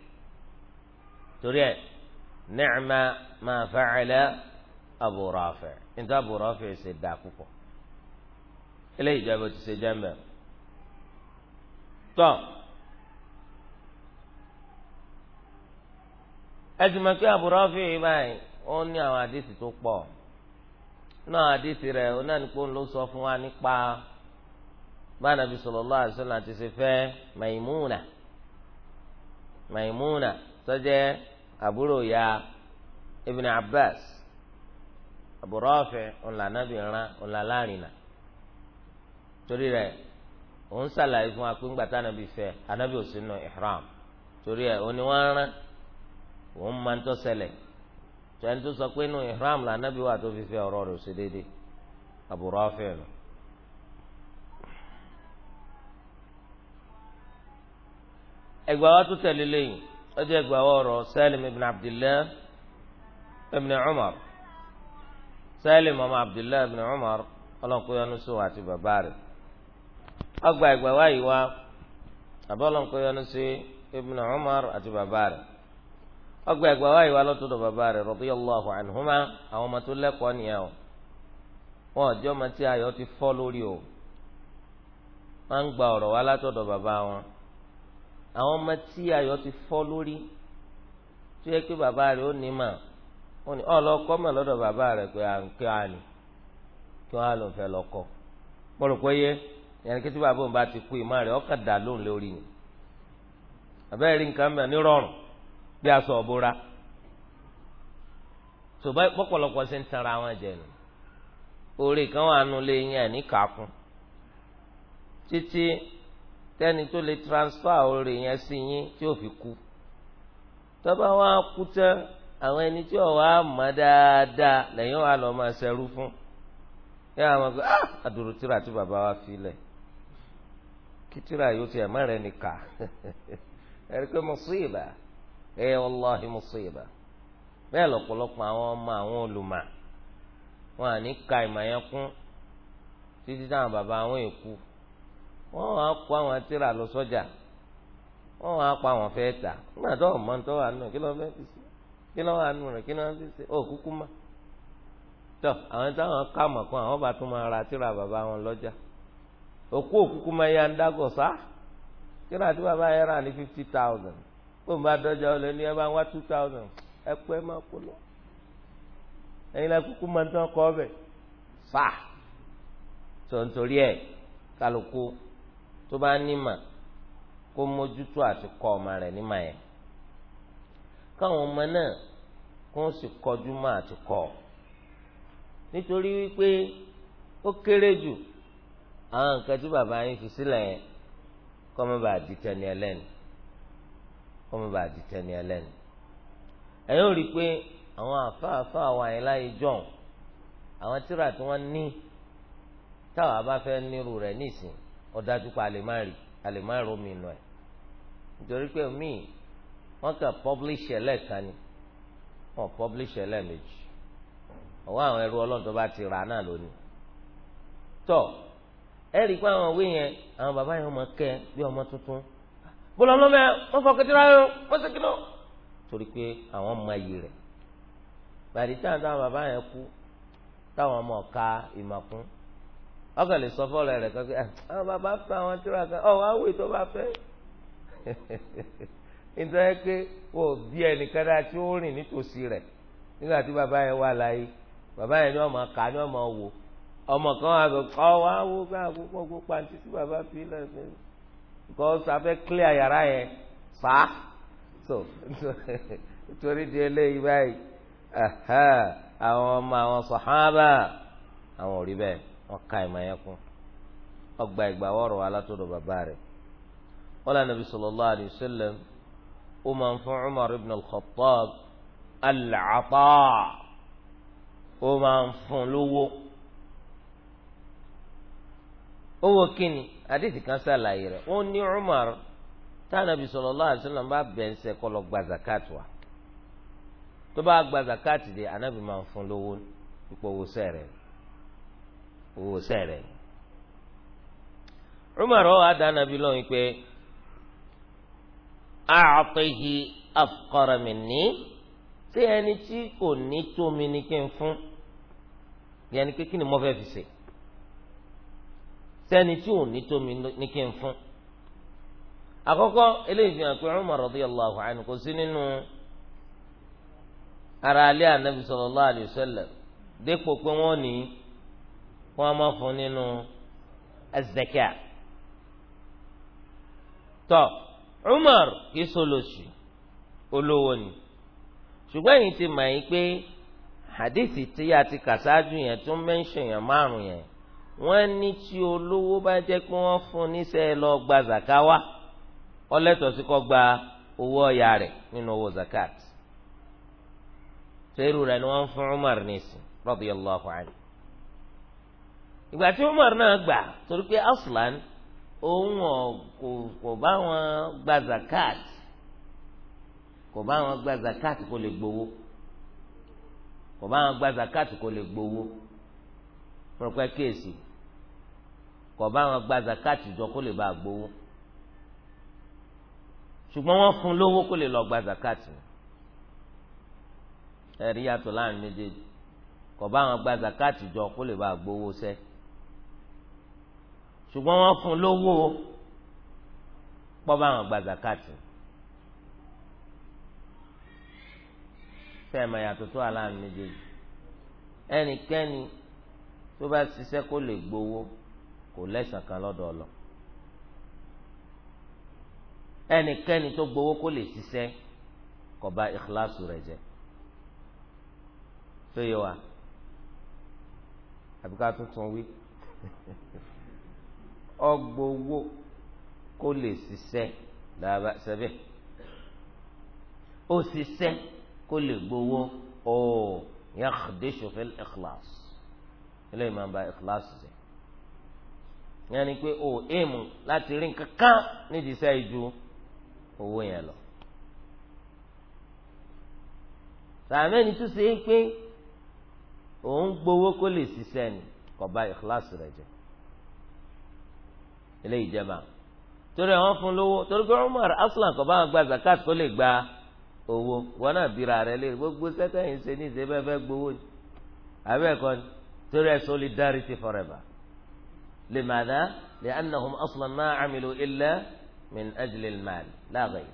torí ẹ̀ ni'ma ma fa'ala Abu Rafi' níta Abu Rafi' ṣe dà púpọ̀ eléyìí jẹ́ bó ti ṣe jẹ́ mbẹ́ tọ́. ẹtùmọ̀ pé Abu Rafi báyìí ó ní àwọn àdìsí tó pọ̀ náà àdìsí rẹ̀ ó náà nípò ló sọ fún wa nípa bánàbí sallallahu alaihi wasallam ti ṣe fẹ́ Maimuna Maimuna tó àbúrò ya Ibn Abbas Abu Rafi ọ̀làǹdàbí ran torí rẹ̀ òun ṣàlàyé fún wa tánàbí fẹ́ anábì òsínú ihram torí ẹ̀ òun ni wọ́n rán. òun máa ń tọ́ ṣẹlẹ̀ tó tó sọ pé inú ihram là tó fi fẹ́ ọ̀rọ̀ rẹ̀ ṣe déédéé Abu Rafi nù. ẹgbàá wa tó tẹ̀lé lẹ́yìn wa ọ̀rọ̀ ibn abdullahi ibn Umar Salim ọmọ abdullahi ibn Umar ọlọ́nkóyọ́nù sùn àti bàbá rẹ̀ ọgbà ẹgbàá wa yìí àbọ̀ ọlọ́nkóyọ́nù Umar àti bàbá ọgbà ẹgbà wáyé wa lọ́tọ̀dọ̀ bàbá rẹ̀ radiyallahu anhuma àwọn ọmọ tó lẹ́kọ̀ọ́ nìyẹn o wọn ọjọ́ ọmọ tí ayọ̀ ti fọ́ lórí o wọn ń gba ọ̀rọ̀ wa látọ̀dọ̀ bàbá wọn àwọn ọmọ tí ayọ̀ ti fọ́ lórí tó yẹ pé bàbá rẹ̀ ó ní mà ó ní ọ̀ lọ́kọ́ mà lọ́dọ̀ bàbá rẹ̀ pé à ń kí á ní kí wọ́n á lọ fẹ́ lọ́kọ́ pọ̀lọ̀ pé yẹ yẹn kí tí bàbá òun bá ti kú ìmọ̀ rẹ̀ ọ̀kadà lóun lórí ni àbẹ́rẹ́ rí nǹkan mẹ́rin nírọ̀rùn bí aṣọ ọ̀bùra tòbá pọ̀pọ̀lọpọ̀ ṣe ń tanra wọn jẹ nù orí kan wà nù lé yín ní kàkún títí tẹ́ni tó lè transfer orí yẹn sí yín tí ó fi kú tọ́ba wa kú tẹ́ àwọn ẹni tí ọ̀wá mọ̀ dáadáa lẹ́yìn wa lọ́ọ́ máa ṣerú fún yẹ àwọn ọmọ ah àdúró tíra tí bàbá wa fi lẹ̀ kí tíra yóò ti ẹ̀ má rẹ̀ nìka ẹ̀rí pé mo sí ìbà. Ee, wàláhi mùsíbà bẹ́ẹ̀ lọ́pọ̀lọpọ̀ àwọn ọmọ àwọn olùmọ̀ wọn à ní ka ìmọ̀ yẹn kún títí táwọn bàbá àwọn èkú wọn wàá kó àwọn tíra lọ sọ́jà wọn wàá pa àwọn fẹ́ẹ́ tà nígbà tó ọmọ tó wà nù kí ló kí ló wà nù kí ló ra tíra bàbá ya ń fifty thousand. bóun bá dọ́jà ọ̀lẹ́ ní ẹ bá wá two thousand ẹ pẹ́ máa kó lọ ẹ̀yin la kúkú máa ń tán kọ́ ọbẹ̀ fà tó ń torí ẹ̀ kálukú tó bá ní mà kó mójútó àti kọ́ ọmọ rẹ̀ ní mà yẹn káwọn ọmọ náà kó ń sì kọjú mọ́ àti kọ́ nítorí wípé ó kéré jù àwọn nǹkan tí bàbá yín fi sílẹ̀ yẹn kọ́ mọ́ bàá di tẹni ẹlẹ́ni kó má bàa di tẹni ẹlẹ́nu ẹ yóò rí i pé àwọn àfáàfá àwọn àyìnláyé john àwọn tíra tí wọ́n ní táwa bá fẹ́ nírú rẹ̀ nísìn ó dájú pé àlèmárì àlèmárì omi nù ẹ̀ nítorí pé omi wọ́n kà publish ẹlẹ́ẹ̀kan ni wọ́n publish ẹlẹ́ẹ̀mejì ọwọ́ àwọn ẹrú ọlọ́run tó bá ti rà náà lónìí tọ́ ẹ rí i pé àwọn òwe yẹn àwọn bàbá yẹn ọmọ kẹ bí ọmọ tuntun bọ́lá lọ́bẹ̀ wọ́n fọ kẹtìrá yọ wọ́n ṣe kìlọ̀ torí pé àwọn mọ iyì rẹ̀ bàdí tí àwọn bàbá yẹn kú táwọn ọmọ ọ̀ka ìmọ̀kún ọkàn lè sọ fọ́ọ̀rọ̀ rẹ̀ kankan ẹ̀ ah, àwọn bàbá fẹ́ àwọn tíra kan ọ̀ wá wò tó bá fẹ́ nítorí pé wò bí ẹnìkan dáa tí ó rìn nítòsí rẹ̀ nígbà tí bàbá yẹn wà láyé bàbá yẹn ni ọmọ ọ̀ka ni ọmọ wò ọmọ kan wà kọ́ wá wò bá àkókò pàǹtí tí bàbá fi lẹ́sẹ̀ because afẹ́ clear yàrá yẹn fa so torí di eléyìí báyìí àwọn ọmọ àwọn sàhábà àwọn ò rí bẹ́ẹ̀ wọ́n ka ìmọ̀ yẹn kún ọgbà ìgbà wọ́ọ̀rọ̀ wa látọ̀dọ̀ bàbá rẹ̀ wọ́n lànà bí sallallahu alayhi wa sallam ó máa ń fún Umar ibn al-Khattab al-ata ó máa ń fún lówó owó kíni àdìsí kan ṣàlàyé rẹ̀ ó ní Umar tánàbí sallallahu alaihi wasallam bá bẹ̀ ń sẹ́ kọ́ lọ gba zakat wa tó bá gba zakat de ànábì máa ń fún lówó ipò owó sẹ́rẹ̀ owó sẹ́rẹ̀ Umar ọ̀ adànàbí lọ́wọ́ pé a'tihi afqara minni tí ẹni tí kò ní tómi ni kí n fún yẹn ni pé kí fi ṣe sẹ́ni tí ò ní tómi ní kí n fún. eléyìí fi hàn Umar radiyallahu anhu kò sí nínú ara alẹ́ anabi sallallahu alayhi wa sallam dépò pé wọ́n ní wọ́n máa fún nínú tọ́ Umar kì olówó ni ṣùgbọ́n èyí ti mọ̀ yín pé hadith tí a ti kà sáájú yẹn mẹ́ńṣẹ̀ yẹn márùn yẹn wọ́n ní tí olówó bá jẹ́ pé wọ́n fún níṣẹ́ lọ gba wá sí gba owó ọyà rẹ nínú owó zakat fẹ́rù rẹ ni wọ́n fún Umar nísìn radiyallahu anhu ìgbà tí Umar náà gbà torí pé aslan òun kò kò bá wọn gba zakat kò bá wọn gba zakat gbowó kò bá wọn gba zakat gbowó mo rò kò bá wọn gba zakati jọ kó lè bá gbowó ṣùgbọ́n wọ́n fún lówó kó lè lọ gba zakati ẹ̀rí yàtọ̀ láàrin méjèèjì kò bá wọn gba zakati jọ kó lè bá gbowó sẹ́ ṣùgbọ́n wọ́n fún lówó kó bá wọn gba zakati fẹ́ẹ̀mà yàtọ̀ tó wà láàrin méjèèjì ẹnikẹ́ni tó bá ṣiṣẹ́ kó lè gbowó kò lẹ́sàn kan lọ́dọ̀ ọlọ ẹnikẹ́ni tó gbowó kó lè ṣiṣẹ́ kò bà ìkíláàsù rẹ̀ jẹ́ tó yẹ wa àbí ká tuntun wí ọgbowó kó lè ṣiṣẹ́ làbà sẹ́bẹ̀ ó ṣiṣẹ́ kó lè gbowó ó yàgídé ṣòfẹ́ ìkíláàsù ilé ìmọ̀ bá ìkíláàsù jẹ́ yẹn ni pé o èèmù láti rí nǹkan kan nídìí iṣẹ́ ìju owó yẹn lọ. sàmẹ́ni tún ṣe é pé òun gbowó kó lè ṣiṣẹ́ ni kò bà ìkíláàsì rẹ̀ jẹ́ eléyìí jẹba torí àwọn fún lówó torí pé Umar aslan kò bá wọn gba zakat kó lè gba owó wọn náà bira rẹ̀ lè gbogbo sẹtẹyìn ṣe ní ìṣe bẹ́ẹ̀ fẹ́ gbowó ni abẹ́ẹ̀kọ́ ni torí ẹ̀ solidarity forever. لماذا؟ لأنهم أصلا ما عملوا إلا من أجل المال لا غير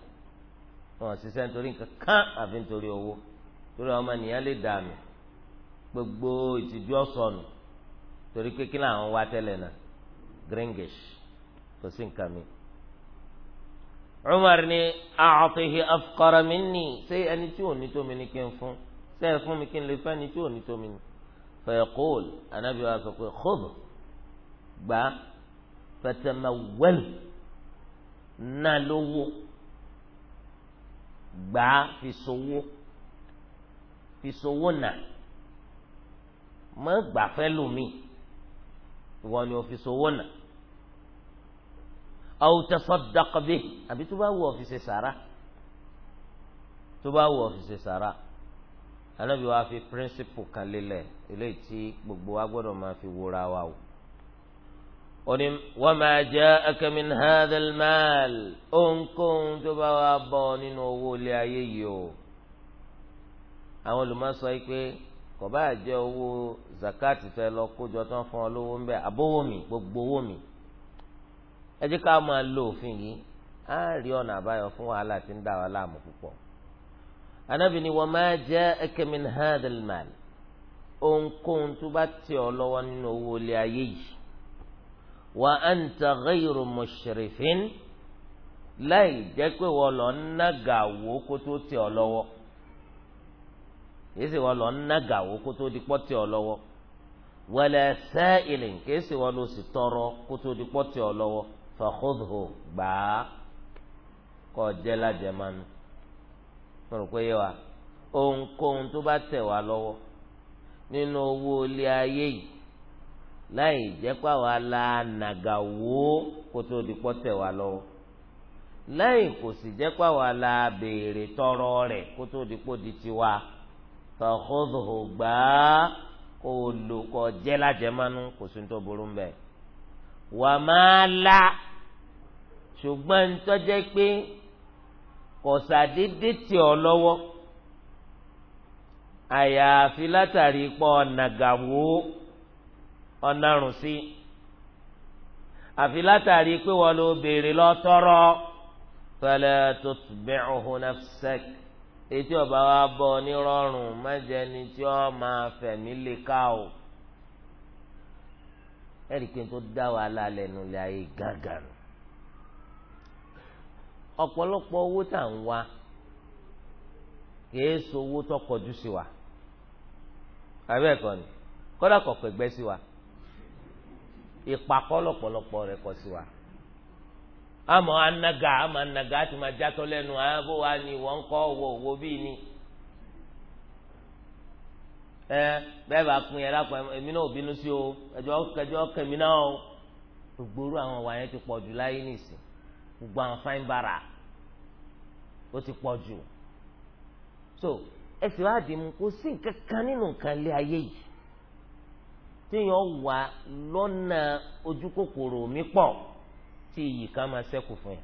wọn ṣiṣẹ́ nítorí nǹkan kan àfi nítorí owó torí ọmọ nìyẹn lè dààmú gbogbo ìtìjú ọ̀sọ̀nù torí pé kí làwọn wá tẹ́lẹ̀ náà gringish kò sí nǹkan mi. Umar ni a'tihi afqara minni ṣé ẹni tí ò ní tó mi ni kí n fún ṣé ẹ fún mi kí n lè fẹ́ ẹni tí ò ní tó mi ni. Fa yaqul anabi wa sọ pé khudh gbà fatamawal ná lówó gbà fi sowó fi sowó nà mọ gbà fẹ́ lómi ìwọ ni o fi sowó nà aw tasaddaq bihi àbí tó bá wù ọ́ fi ṣe sàrà tó bá wù ọ́ sàrà anábì wa fi píríncípù kan lélẹ̀ eléyìí tí gbogbo wa máa fi wúra wa o oní wọ́n máa jẹ́ akẹ́mi hadal mal ohunkóhun tó bá wà bọ̀ nínú owó ilé ayé yìí o àwọn olùmọ̀sọ yìí pé kò bá jẹ́ owó zakati fẹ́ lọ kójọ tán fún ọ lówó ń bẹ abówó mi gbogbo owó mi ẹ jẹ́ ká máa lo òfin yìí á rí ọ̀nà àbáyọ fún wàhálà tí ń dà wá láàmú púpọ̀ anábì ni wọ́n máa jẹ́ akẹ́mi ohunkóhun tó bá tẹ̀ ọ́ lọ́wọ́ nínú owó ilé ayé yìí wa anta ghayru mushrifin láì jẹ́ pé wọ́n lọ ń nàgà wò kó tó tẹ̀ ọ́ lọ́wọ́ kìí sì wọ́n lọ ń nàgà wò kó tó di pọ́ tẹ̀ ọ́ lọ́wọ́ wala sa'ilin kìí sì wọ́n lọ sì tọrọ kó tó di pọ́ tẹ̀ ọ́ lọ́wọ́ fa khudhu gbàá kọ́ jẹ́ lájẹmánu mo rò pé yé wa ohunkóhun tó bá tẹ̀ wá lọ́wọ́ nínú owó ilé ayé yìí láì jẹ́ pé àwa la nàgà wò ó kó tó di pọ́tẹ̀ wa lọ́wọ́ láì kò sì jẹ́ pé àwa la béèrè tọrọ rẹ̀ kó tó di pọ́ di tiwa fàkóso gbà á kó lò kọ jẹ́ lájẹmánú kò sí tó burú ń wà máa la ṣùgbọ́n ń tọ́jẹ́ pé kò sàdédé tì ọ́ lọ́wọ́ àyàfi látàrí pọ̀ nàgàwó. Ọ sí àfi látàrí pé wọ́n ló béèrè lọ́tọ́rọ́ fẹlẹ́ tó bẹ́ ọ̀hún náà sẹ́k etí ọba wa bọ̀ nírọ̀rùn mẹjẹni tí ó máa fẹ̀mí lè ká o ẹ̀rí tó dá wàhálà ayé gángan ọpọlọpọ owó tà ń wá kìí owó tó kọjú sí wa àbẹ́ẹ̀kọ́ ni ìpàkọ́ lọ̀pọ̀lọpọ̀ rẹ̀ kọ sí wa àmọ́ anaga àmọ́ anaga àti máa jatọ́ lẹ́nu àbó wa ni wọ́n ń kọ́ wọ owó bíi ni ẹ bẹ́ẹ̀ bá pin ẹ̀rá pa èmi náà ò bínú sí o ẹjọ́ kẹjọ́ kẹmi náà o gbogbo orú àwọn wàyẹn ti pọ̀ jù láyé nìsín gbogbo àwọn fáin bara ó ti pọ̀ jù so ẹ sì wá dì mú kó sí nǹkan kan nínú nǹkan lé ayé yìí téèyàn wà lọ́nà ojúkòkòrò mi pọ̀ tí iyì ká máa ṣẹ́kù fún yà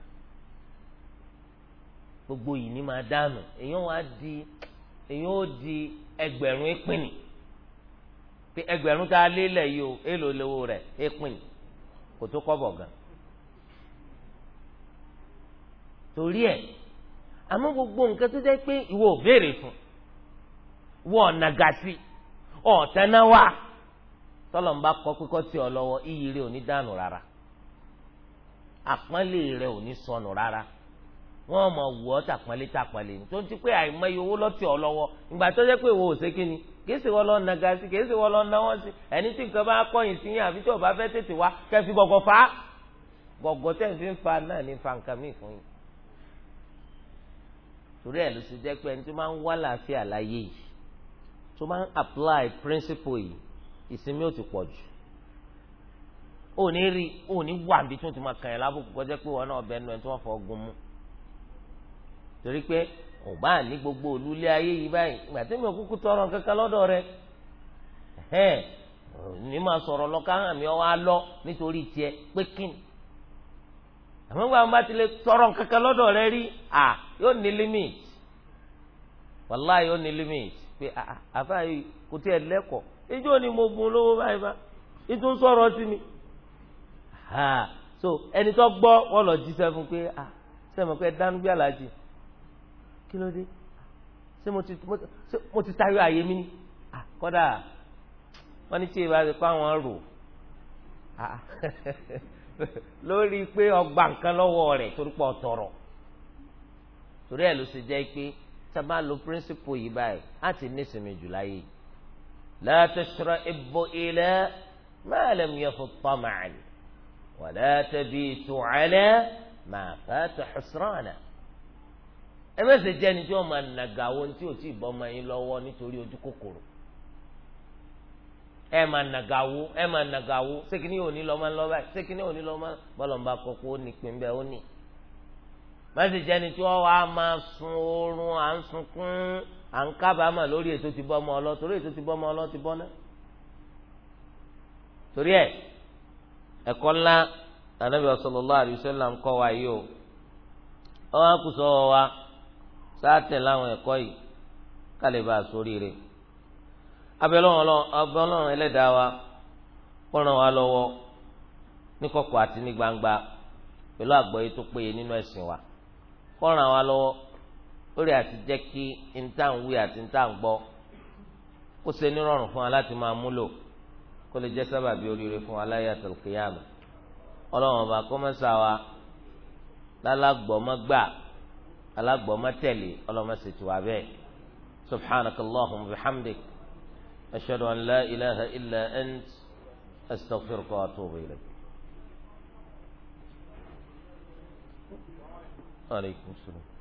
gbogbo yìí ni máa dànù èèyàn wá di èèyàn ó di ẹgbẹ̀rún ìpínì pé ẹgbẹ̀rún tá a lé lẹ̀ yìí o èèlò lówó rẹ̀ ìpínì kò tó kọ́bọ̀ gan torí ẹ àmọ́ gbogbo nǹkan tó jẹ́ pé ìwọ ò béèrè fún ìwọ ọ̀nà gàsí ọ̀tẹ́náwá. tọ́lọ̀ ń bá kọ́ pípọ́ tí ọ lọ́wọ́ iyì rẹ ò ní dànù rárá àpọ́nlé rẹ ò ní sọnù rárá wọ́n mọ̀ wù ọ́ tàpọ́nlé tàpọ́nlé ni tó ń ti pé àìmọye owó lọ́tì ọ lọ́wọ́ ìgbà tó jẹ́ pé ìwọ ò ṣe kí ni kìí ṣe wọ́n lọ nàga sí kìí ṣe wọ́n lọ náwọ́ sí ẹni tí nǹkan bá kọ́yìn sí yín àfi tí ò bá tètè wá kẹfì gọ̀gọ̀ fà á gọ̀gọ̀ tẹ̀ fi ń fa náà ní fa nǹkan míì fún yín torí ẹ̀ ló ṣe jẹ́ pé ẹni tó máa ń wá làáfíà láyé yìí tó máa ń apply principle yìí ìsinmi ò ti pọ̀ jù ò ní rí ò ní wà níbi tí wọ́n ti máa kàn yẹn lábùkù kọjá pé wọn náà bẹ nu ẹni tí wọ́n fọ ogun mú torí gbogbo olúlé ayé yìí báyìí tọrọ kankan lọ́dọ̀ rẹ ní máa sọ̀rọ̀ lọ mi ọ́ wá nítorí tiẹ̀ tọrọ kankan lọ́dọ̀ rẹ rí à yóò ní yóò ní pé àfáà yìí kò tí ẹ ìjọ ni mo gun lówó báyìí bá ìtún sọ̀rọ̀ sí mi. so ẹni tó gbọ́ wọ́n lọ jíṣẹ́ fún pé ah sẹ́mi pé dánú bí aláàjì kí ló dé ṣé mo ti tayọ àyè mi ni ah, kódà wọ́n ní tí ìbá ti pa àwọn rò ah, lórí pé ọgbà nǹkan lọ́wọ́ rẹ̀ torí pọ̀ tọrọ torí ẹ̀ ló ṣe jẹ́ pé tá a bá lo principle yìí báyìí á ti ní ìsinmi jù láyé yìí. لا تشرئب إلى ما لم يفض طمعا ولا تبيت على ما فات حسرانا ẹ má ṣe jẹ́ ni tí wọ́n máa nàgà àwọn tí ò tí ì bọ́ ọmọ yín lọ́wọ́ nítorí ojú kòkòrò ẹ máa nàgà wo ẹ máa nàgà wo sékìní òní lọ́mọ lọ́ba sékìní òní lọ́mọ bọ́lọ̀mbà kọ̀ọ̀kọ̀ ó ní pínpẹ́ ó ní má ṣe jẹ́ ni tí wọ́n wá máa sun oorun à ń sunkún à ń kábàámà lórí ètò ti bọ́ ọmọ ọlọ́ torí ètò ti bọ́ ọmọ ọlọ́ ti bọ́ náà torí ẹ ẹ̀kọ́ ńlá anabi sallallahu alaihi wasallam kọ́ wa yìí o ọwọ akùsọ wa sáàtẹ láwọn ẹ̀kọ́ yìí kálíbà sóríire abẹlọrun Ẹlẹ́dàá wa kọràn wa lọ́wọ́ ní kọ̀kọ̀ àti ní gbangba pẹ̀lú àgbọ́yé tó péye nínú ẹ̀sìn wa kọràn wa lọ́wọ́ lórí àti jẹ́ kí ntàǹwé àti ntàǹgbọ́ kó ṣe nírọ̀rùn fún wa láti máa múlò kó lè jẹ́ sábàbí oríire fún wa láyé àtàlùkìyàmù ọlọ́run ọba kọ́mọ́sá wa lálágbọ́mọ́gbà alágbọ́mọ́tẹ̀lé ọlọ́mọ́sẹ̀tì wa bẹ́ẹ̀ subhanaka allahumma wa bihamdik ashhadu an la ilaha illa ant astaghfiruka wa atubu ilayk. aleykum salaam.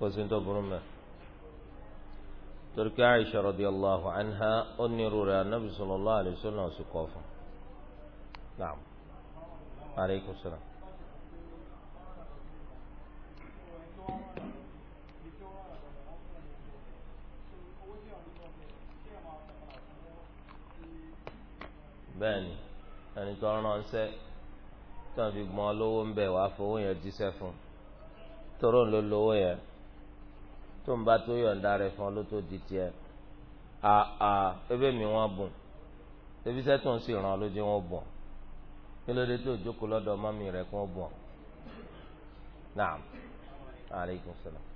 kò sí tó burú mẹ́. torí pé Aisha radiyallahu anha ó ní irú rẹ̀ anábì sallallahu alaihi wasallam sì kọ́ fún. naam aleykum salaam. bẹ́ẹ̀ni ẹni tó ránṣẹ́ tó ń fi gbọ́n lówó ń bẹ̀ wá fowó yẹn jíṣẹ́ fún un tó rò lówó yẹn tó ń bá tó yọ̀ǹda rẹ̀ fún ọ ló tó di tiẹ̀ àà ebe mi wọ́n bùn ebi sẹ́tùn sì ràn lójú wọn bùn kí ló dé tó jókòó lọ́dọ̀ mọ́mí rẹ̀ kí wọ́n bùn naam aleykum salaam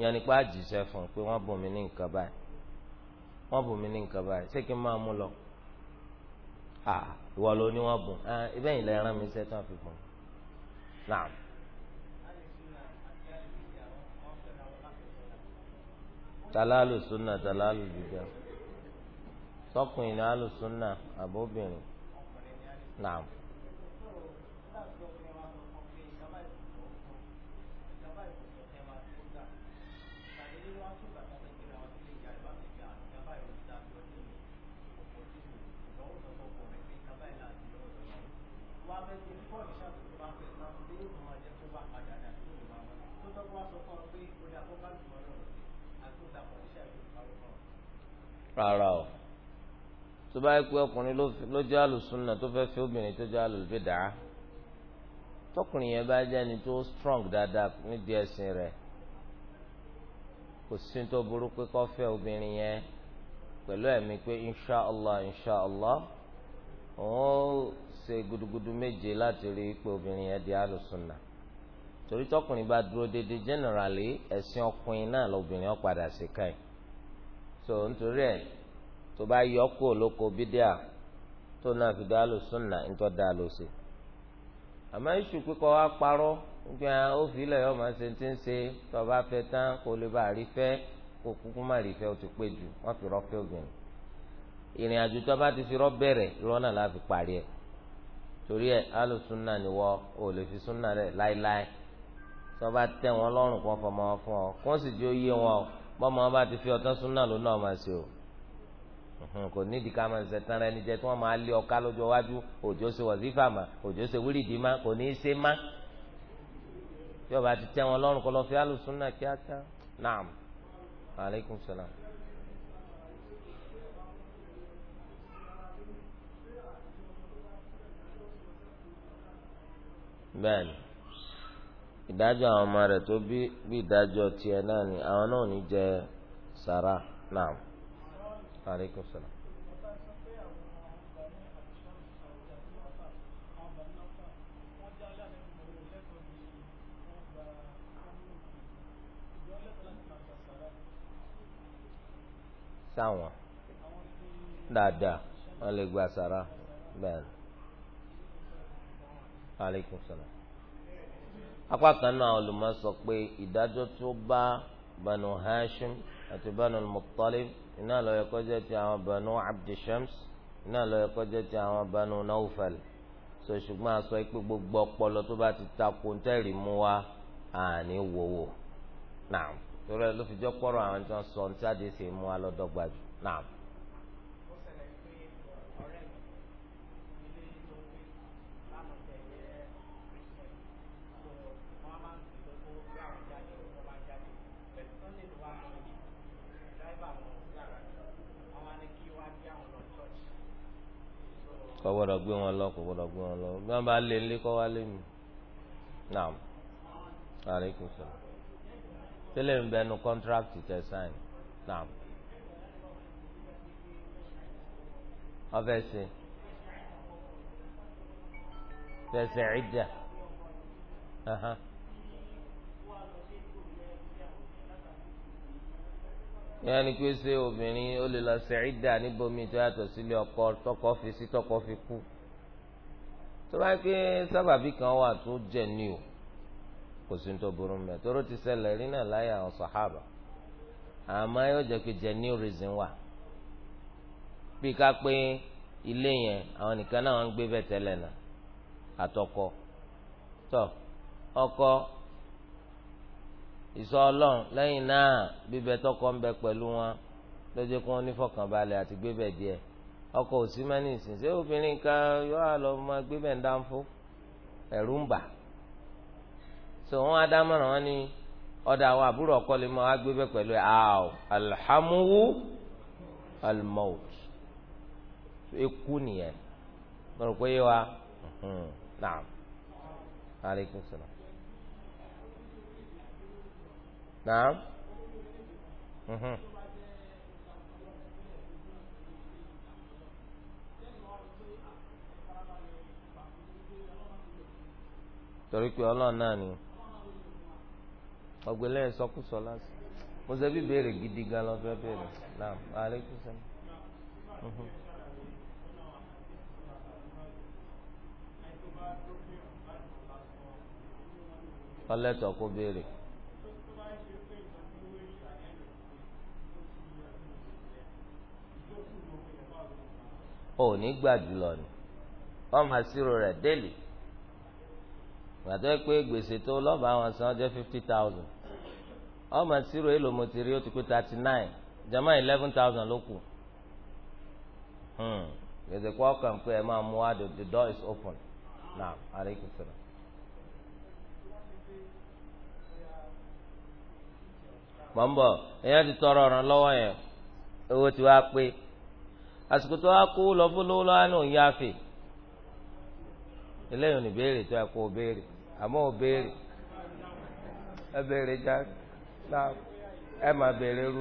yẹn nípa àjíṣẹ́ fún un pé wọ́n bùn mí ní nǹkan báyìí wọ́n bùn mí ní nǹkan báyìí ṣé kí n máa mú lọ à ìwọ ló ní wọ́n bùn ẹ ibẹ̀ lẹ́ẹ̀rán mi sẹ́tùn àfikún naam. talalu sunna talalu bid'a sọkùnrin ní alu sunna àbóbìnrin naam. Thank you. rárá o tó bá yẹ pé ọkùnrin ló jẹ́ àlùsùnà tó fẹ́ fi obìnrin tó jẹ́ àlùbídà tọkùnrin yẹn bá jẹ́ ni tó strong dáadáa nídìí ẹ̀sìn rẹ̀ kò sí tó burú pé kó fẹ́ obìnrin yẹn pẹ̀lú ẹ̀mí pé inshàlá inshàlá òun ó ṣe gudugudu méje láti rí pé obìnrin yẹn di àlùsùnà torí tọkùnrin bá dúró déédéé generally ẹ̀sìn ọkùnrin náà lọ́bìnrin ó padà sí káyìí so nítorí ẹ̀ tó bá yọ kó lóko bídíà tó náà fi dá lò súnà ńtọ́ dá lò sí. àmọ́ iṣu pípọ̀ wá parọ́ nígbà ó fi ilẹ̀ yọ̀ máa ṣe ti ń ṣe tó bá fẹ́ tán kó lè bá rí fẹ́ kó kúkú má rí fẹ́ ó ti pé jù wọ́n fi rọ́ọ̀fẹ́ obìnrin. ìrìn àjò tó bá ti fi rọ́ bẹ̀rẹ̀ irọ́ náà parí ẹ̀ torí ẹ̀ alò ni wọ́ ò lè fi súnà rẹ̀ láéláé tó bá tẹ̀ wọ́n lọ́rùn kan fọmọ fún ọ kó sì jó yé wọn bọ́mọ wọn bá ti fi ọtán súnà ló náà máa ṣe o kò nídìí ká máa ṣẹ̀tàn rẹ níjẹ tí wọ́n máa lé ọká lọ́jọ́ iwájú òjò ṣe wàzífà mà òjò ṣe wíìrìdì má kò ní í ṣe má tí ọba ti tẹ wọn lọ́rùn kọ́ lọ fi alùsùnà kíákíá naam aleykum salaam. bẹ́ẹ̀ni. ìdájọ́ àwọn ọmọ rẹ̀ tó bí bí ìdájọ́ tiẹ̀ náà ni àwọn náà ò ní jẹ sara náà. aleykum salaam. sáwọn dáadáa wọn lè gba sàrà bẹ́ẹ̀ aleykum apá kan náà olùmọ̀ sọ pé ìdájọ́ tó bá banu hashim àti banu muttalib iná ló yẹ kó jẹ́ ti àwọn banu abdishams iná ló yẹ kó jẹ́ ti àwọn banu naufal so ṣùgbọ́n a sọ pé gbogbo ọpọlọ tó bá ti ta kóńtẹ́rì mú wa àní wòwò náà torí ẹ ló fi jọ́ pọ̀rọ̀ àwọn tí wọ́n sọ ní sáde ṣe mú wa lọ́dọ́gba jù náà. gbé wọn lọ kò gbọ́dọ̀ gbé wọn lọ bí wọ́n bá lé nílé kọ́ wá lé mi naam aleykum salaam tẹ́lẹ̀ ń bẹnu kọ́ńtrákìtì tẹ̀ sáìn naam ọfẹ́ sí tẹ̀sẹ̀ ìjà. yẹn ni pé ṣé obìnrin ó lè lọ ṣẹ̀ẹ́dà níbomi tó yàtọ̀ sílé ọkọ tọkọ fi sí tọkọ fi kú tó bá pé sábàbí kan wà tó jẹ ní o kò sí tó burú mẹ tóró ti ṣẹlẹ̀ rí náà láyà àwọn sàhábà àmọ́ yóò jẹ́ pé jẹ ní reason wà bí ká pé ilé yẹn àwọn nìkan náà ń gbé bẹ́ẹ̀ tẹ́lẹ̀ náà àtọkọ tó ọkọ. ìsọ ọlọ́run lẹ́yìn náà bíbẹ tọkọ ń bẹ pẹ̀lú wọn lọ́jọ́ kí wọ́n ní fọkànbalẹ̀ àti ọkọ òsì máa ní ìsìn ṣé obìnrin kan yóò á so wọn á dámọ̀ràn wọn ni ọ̀dà àwọn ọkọ lè máa wá gbébẹ̀ pẹ̀lú ẹ̀ àw alhamuhu almaut nìyẹn pé wa نعم mhm torí pé ọlọ́run náà ni ọgbẹ́lẹ́ ìsọkúsọ mo ṣe bí béèrè gidi gan lọ fẹ́ béèrè naam o gbà jùlọ ni wọ́n máa ṣírò rẹ̀ délì gbàtọ́ pé gbèsè tó lọ́ọ̀bà wọn san jẹ́ fifty thousand wọ́n máa ṣírò èlò mo ti rí ó ti pé thirty nine jama eleven thousand ló hmm. gbèsè ọkàn pé ẹ máa door is open now aleykum salaam. mọ̀ ń bọ̀ ti tọrọ ọ̀ràn lọ́wọ́ yẹn owó tí wàá pé. àsìkò tó wá kó lọ lọ́wọ́ náà yá fè eléyìí ni béèrè tó yẹ kó o béèrè àmọ́ o béèrè ẹ béèrè já ẹ máa béèrè irú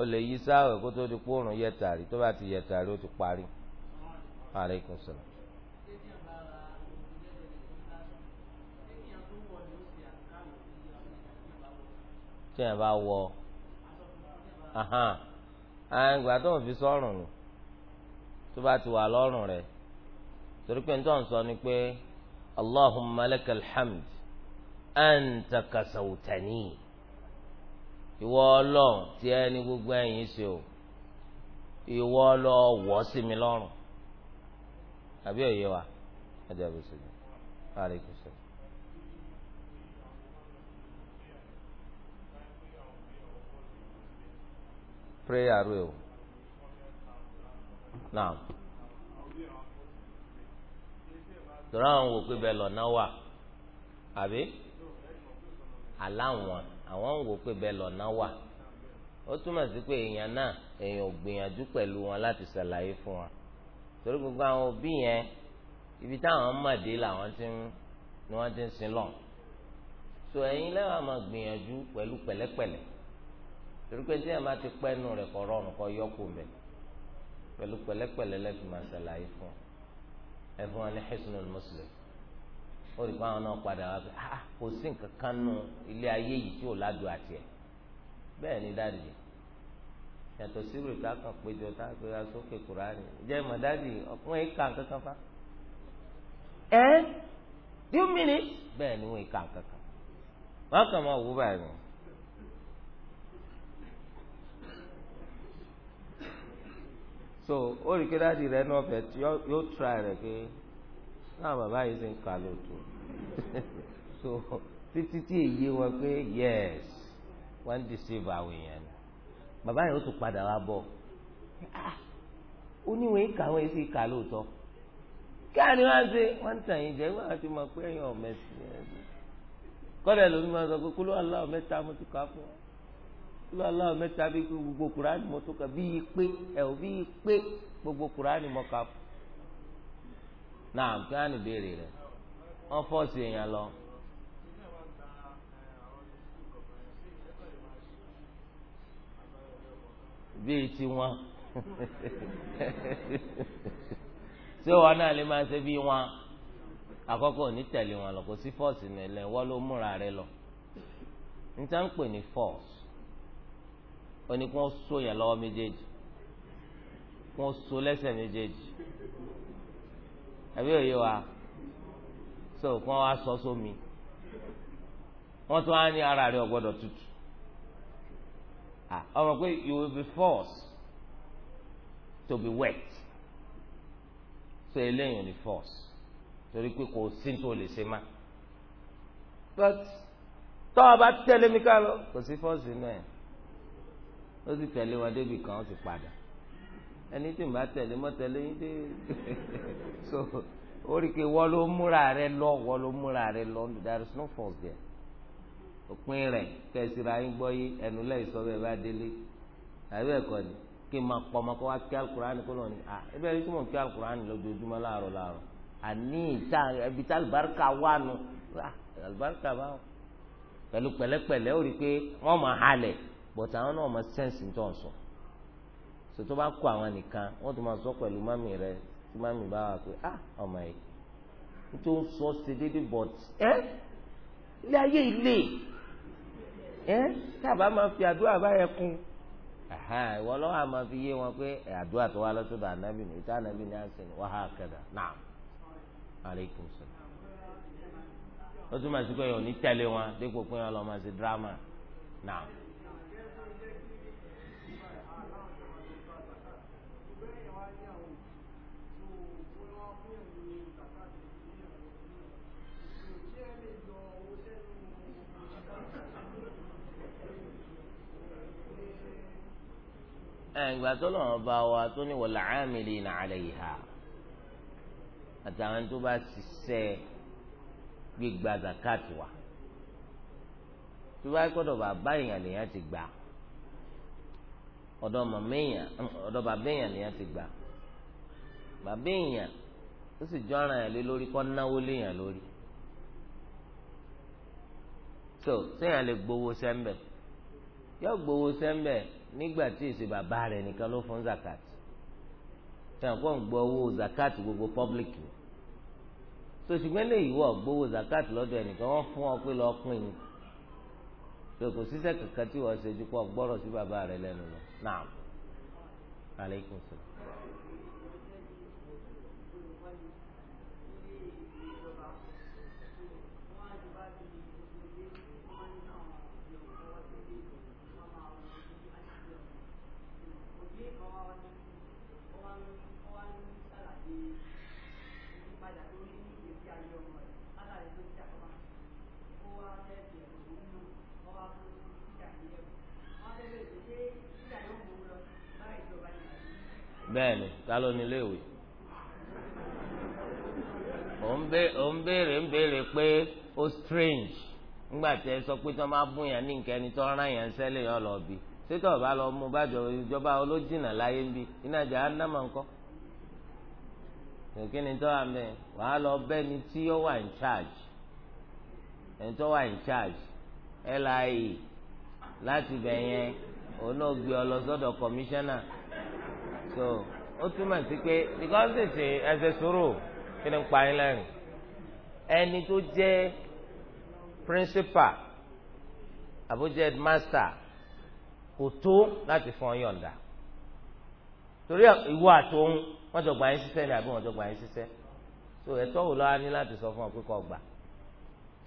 o lè yí sáwẹ̀ kó tó di kóòrùn yẹ tàrí tó bá ti yẹ tàrí ó ti parí. aleykum salaam. tí yẹn bá wọ àgbà tó ń fi sọ́rùn nù tó bá ti wà lọ́rùn rẹ̀ torí pé nítorí sọ ni pé allahumma lakal hamd anta kasawtani ìwọ ọlọ́run tí ẹ ní gbogbo ẹ̀yin ṣe o ìwọ ọlọ́run wọ́ sí mi lọ́rùn àbí òye wa ẹjẹ bí sèlè káàrí kò sèlè. prayer rẹ o naam tọ́ra àwọn wò pé bẹ́ẹ̀ lọ́nà wà àbí aláwọn. àwọn ń wò pé bẹ́ẹ̀ lọ́nà wà ó túmọ̀ sí pé èèyàn náà èèyàn ò pẹ̀lú wọn láti ṣàlàyé fún wa torí gbogbo àwọn òbí yẹn ibi táwọn mọ̀dé làwọn ti ń ti ń sin lọ so ẹ̀yin lẹ́wọ̀n máa gbìyànjú pẹ̀lú pẹ̀lẹ́pẹ̀lẹ́ torí pé tí ẹ̀ máa ti pẹ́nu rẹ̀ kọ́ rọrùn pẹ̀lú pẹ̀lẹ́pẹ̀lẹ́ lẹ́fì máa ṣàlàyé fún fún wa ó rí i pé àwọn náà padà wá pé ah, ah kò sí nǹkan kan nù ilé ayé yìí tí ò ládùn àti ẹ̀ bẹ́ẹ̀ ni dáàdì yàtọ̀ sí tá a kàn péjọ tá a péjọ sókè kúránì jẹ́ ìmọ̀ dáàdì ọkùnrin kà kankan fa ẹ́ few minutes bẹ́ẹ̀ ni wọ́n kà kankan wọ́n kàn máa wú báyìí. so ó rí i pé dáàdì rẹ̀ náà fẹ́ yóò try rẹ̀ pé náà bàbá yìí sì ń kà lóòótọ́ so títí tí èyí wọn pé yes wọ́n ń deceive àwọn èèyàn ni bàbá yìí ó tún padà wá bọ̀ ó ní wọ́n ń kà wọ́n sì kà lóòótọ́ káàní wọ́n ṣe wọ́n ń tàn yín jẹ wọ́n àti mọ̀ pé ẹ̀yin ọ̀mẹ́sì kọ́dà lómi máa sọ pé kúlú aláwọ̀ mẹ́ta mo ti kà fún ọ lọ aláwọ mẹ́ta bí gbogbo kuraani mọ tó ka bí pé ẹ ò bí pé gbogbo kuraani mọ ka fún náà kí á nìbéèrè rẹ wọn fọọsì èèyàn lọ. bíi tiwọn tí wọn náà lè máa ṣe bíi wọn àkọ́kọ́ òní tẹ̀lé wọn lọ kò sí fọọsì nílẹ̀ wọn ló múra rẹ lọ níta ń pè ní fọọsì oní kí wọn yẹn lọ́wọ́ méjèèjì kí wọn so lẹ́sẹ̀ méjèèjì àbí òye wa so kàn wá sọ sómi wọ́n tún á ní ara rẹ̀ ọ̀gbọ́dọ̀ tutù ọmọ pé you will be forced to be wet so eléyìí ni force torí pé kò sí tó lè ṣe má but tọ́ ọ bá tẹ̀lé mi ká lọ kò sí force nínú ẹ̀ ó sì tẹ̀lé wọn débi kan ó sì padà ẹni tí n bá tẹ̀lé mọ́ tẹ̀lé yín dé so oríkè wọ́n ló múra rẹ lọ wọ́n ló múra rẹ lọ there is no force there òpin rẹ̀ kẹsìrà yín gbọ́ yé ẹnu lẹ́yìn sọ bẹ́ẹ̀ bá délé àbí ẹ̀kọ́ ni kí n máa pọ̀ ọmọ kó wá kí alukur'an kó lọ ní à ẹbí ẹni tí mò ń kí alukur'an lójoojúmọ́ láàárọ̀ láàárọ̀ àní ìta ẹbí tí alibarika wà nù alibarika bá wọn pẹ̀lú pẹ̀lẹ́pẹ̀lẹ́ ó pé wọ́n máa halẹ̀ bọ̀tà àwọn náà máa sẹ́ǹsì tó ń sùn. sòtò bá kó àwọn nìkan máa sọ rẹ tí mami bá ah ọmọ ń sọ ṣe ayé ilé ẹ tábà máa fi àdúrà báyẹn kún ìwọ lọ́wọ́ fi yé wọn pé àdúrà tó wá lọ́sọ̀dọ̀ ànábì ní ìta ànábì ní àṣẹ náà ó tún máa pé wọn dípò pé wọn ìgbà tó lọ́wọ́ bá wa tó ní wal amilina alayha àtàwọn tó bá ṣiṣẹ́ gbígba zakat wa tó bá gbọ́dọ̀ bàbá èèyàn lèèyàn ti gbà ọ̀dọ̀ màmá èèyàn ọ̀dọ̀ bàbá èèyàn lèèyàn ti gbà bàbá èèyàn ó sì jọ́ràn ẹ̀ lé lórí kọ́ náwó léèyàn lórí so séèyàn lè gbowó sẹ́ńbẹ̀ yóò gbowó sẹ́ńbẹ̀ nígbà tí èsì bàbá rẹ̀ nìkan ló fún zakat fẹ́ràn kó ń gbọ́ owó zakat gbogbo public so ṣùgbọ́n lè yíwọ́ gbowó zakat lọ́dọ̀ ẹnìkan wọ́n fún ọ pé lọ́ọ́ pín in so kò síṣẹ́ kankan tí wọ́n ṣe ju kó gbọ́rọ̀ sí bàbá rẹ̀ lẹ́nu lọ naam aleykum salaam. bẹ́ẹ̀ ni ta o ní iléèwé béèrè strange sọ pé tí wọ́n bún yàn ní nǹkan ẹni rán yàn sẹ́lẹ̀ yọ lọ bí sétò ọba lọ mú bàjọ ìjọba olójìnà láyé ń bí iná jà á ná màá ń charge ẹni tó wà charge LIE láti bẹ̀ òun náà gbé ọ so ó túmọ̀ sí pé because ṣèṣe ẹsẹ̀ sòrò kí ni ń pa yín lẹ́rìn ẹni tó jẹ́ principal àbójẹ́ master kò tó láti fún ọ yọ̀ǹda torí ìwọ àtòun wọ́n jọ gbà yín síṣẹ́ ni àbí wọ́n jọ gbà yín síṣẹ́ so ẹ̀tọ́ wò lọ́wọ́ ní láti sọ fún ọ pé kó gbà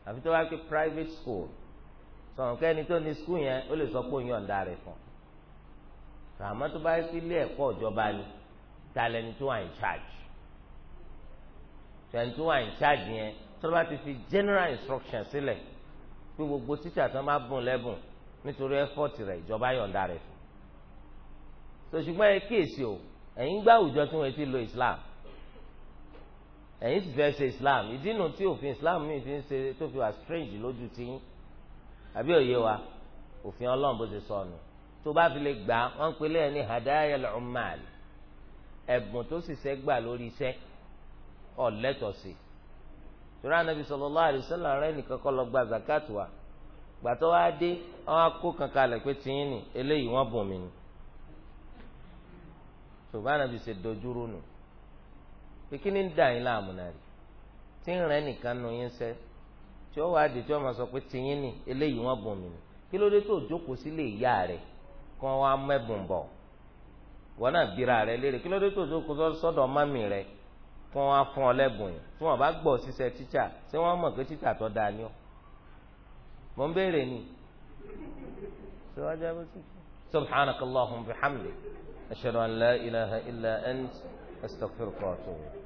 àfi tó bá pé private school sọ̀rọ̀ kẹ́ni tó ní school yẹn ó lè sọ pé òun yọ̀ǹda rẹ̀ fún àmọ́ tó bá yẹ kí ilé ẹ̀kọ́ ìjọba ni ta lẹni tó wà in charge tẹni tó wà in charge yẹn tó bá ti fi general instruction sílẹ̀ pé gbogbo títà tó bá bùn lẹ́bùn nítorí effort rẹ̀ ìjọba yọ̀ǹda rẹ̀ fún so ṣùgbọ́n ẹ kíyèsí o ẹ̀yin gbá àwùjọ tí wọ́n ti lo Islam ẹ̀yin sì fẹ́ ṣe Islam ìdí nu tí òfin Islam mi fi ń ṣe tó fi wà strange lójú tí àbí òye wa òfin Ọlọ́run bó ṣe sọ nù tó bá fi lè gbà wọ́n ń pelé ẹni hadaya al-ummal ẹ̀bùn tó sì ṣe gbà lórí iṣẹ́ ọ̀lẹ́tọ̀sí tura anabi sallallahu alaihi wasallam rẹ nìkan kọ́ lọ gba zakat wa gbàtọ́ wa dé wọ́n á kó kankan lẹ̀ pé tìyín ni eléyìí wọ́n bùn mí ni tòbá anabi ṣe dojúrú nù pé kí ni ń dà yín láàmú náà rí tí ń rẹ nìkan nù yín sẹ́ tí ó wàá dé tí ó sọ pé tìyín ni eléyìí wọ́n bùn mí ni kí ló dé tó jókòó sílé ìyá rẹ̀ kí wọ́n wá mẹ́bùn bọ̀ wọ́n náà bira rẹ léèrè kí ló dé tó tó kó sọ́dọ̀ mami rẹ kí wọ́n wá fún ọ lẹ́bùn yẹn tí wọ́n bá gbọ́ ṣiṣẹ́ tíṣà ṣé wọ́n mọ̀ pé tíṣà tó dáa ni ọ́ mò ń béèrè ni ṣé wọ́n jẹ́ bó ṣe kí. subhanakallahumma bihamdik an la ilaha illa ant astaghfiruka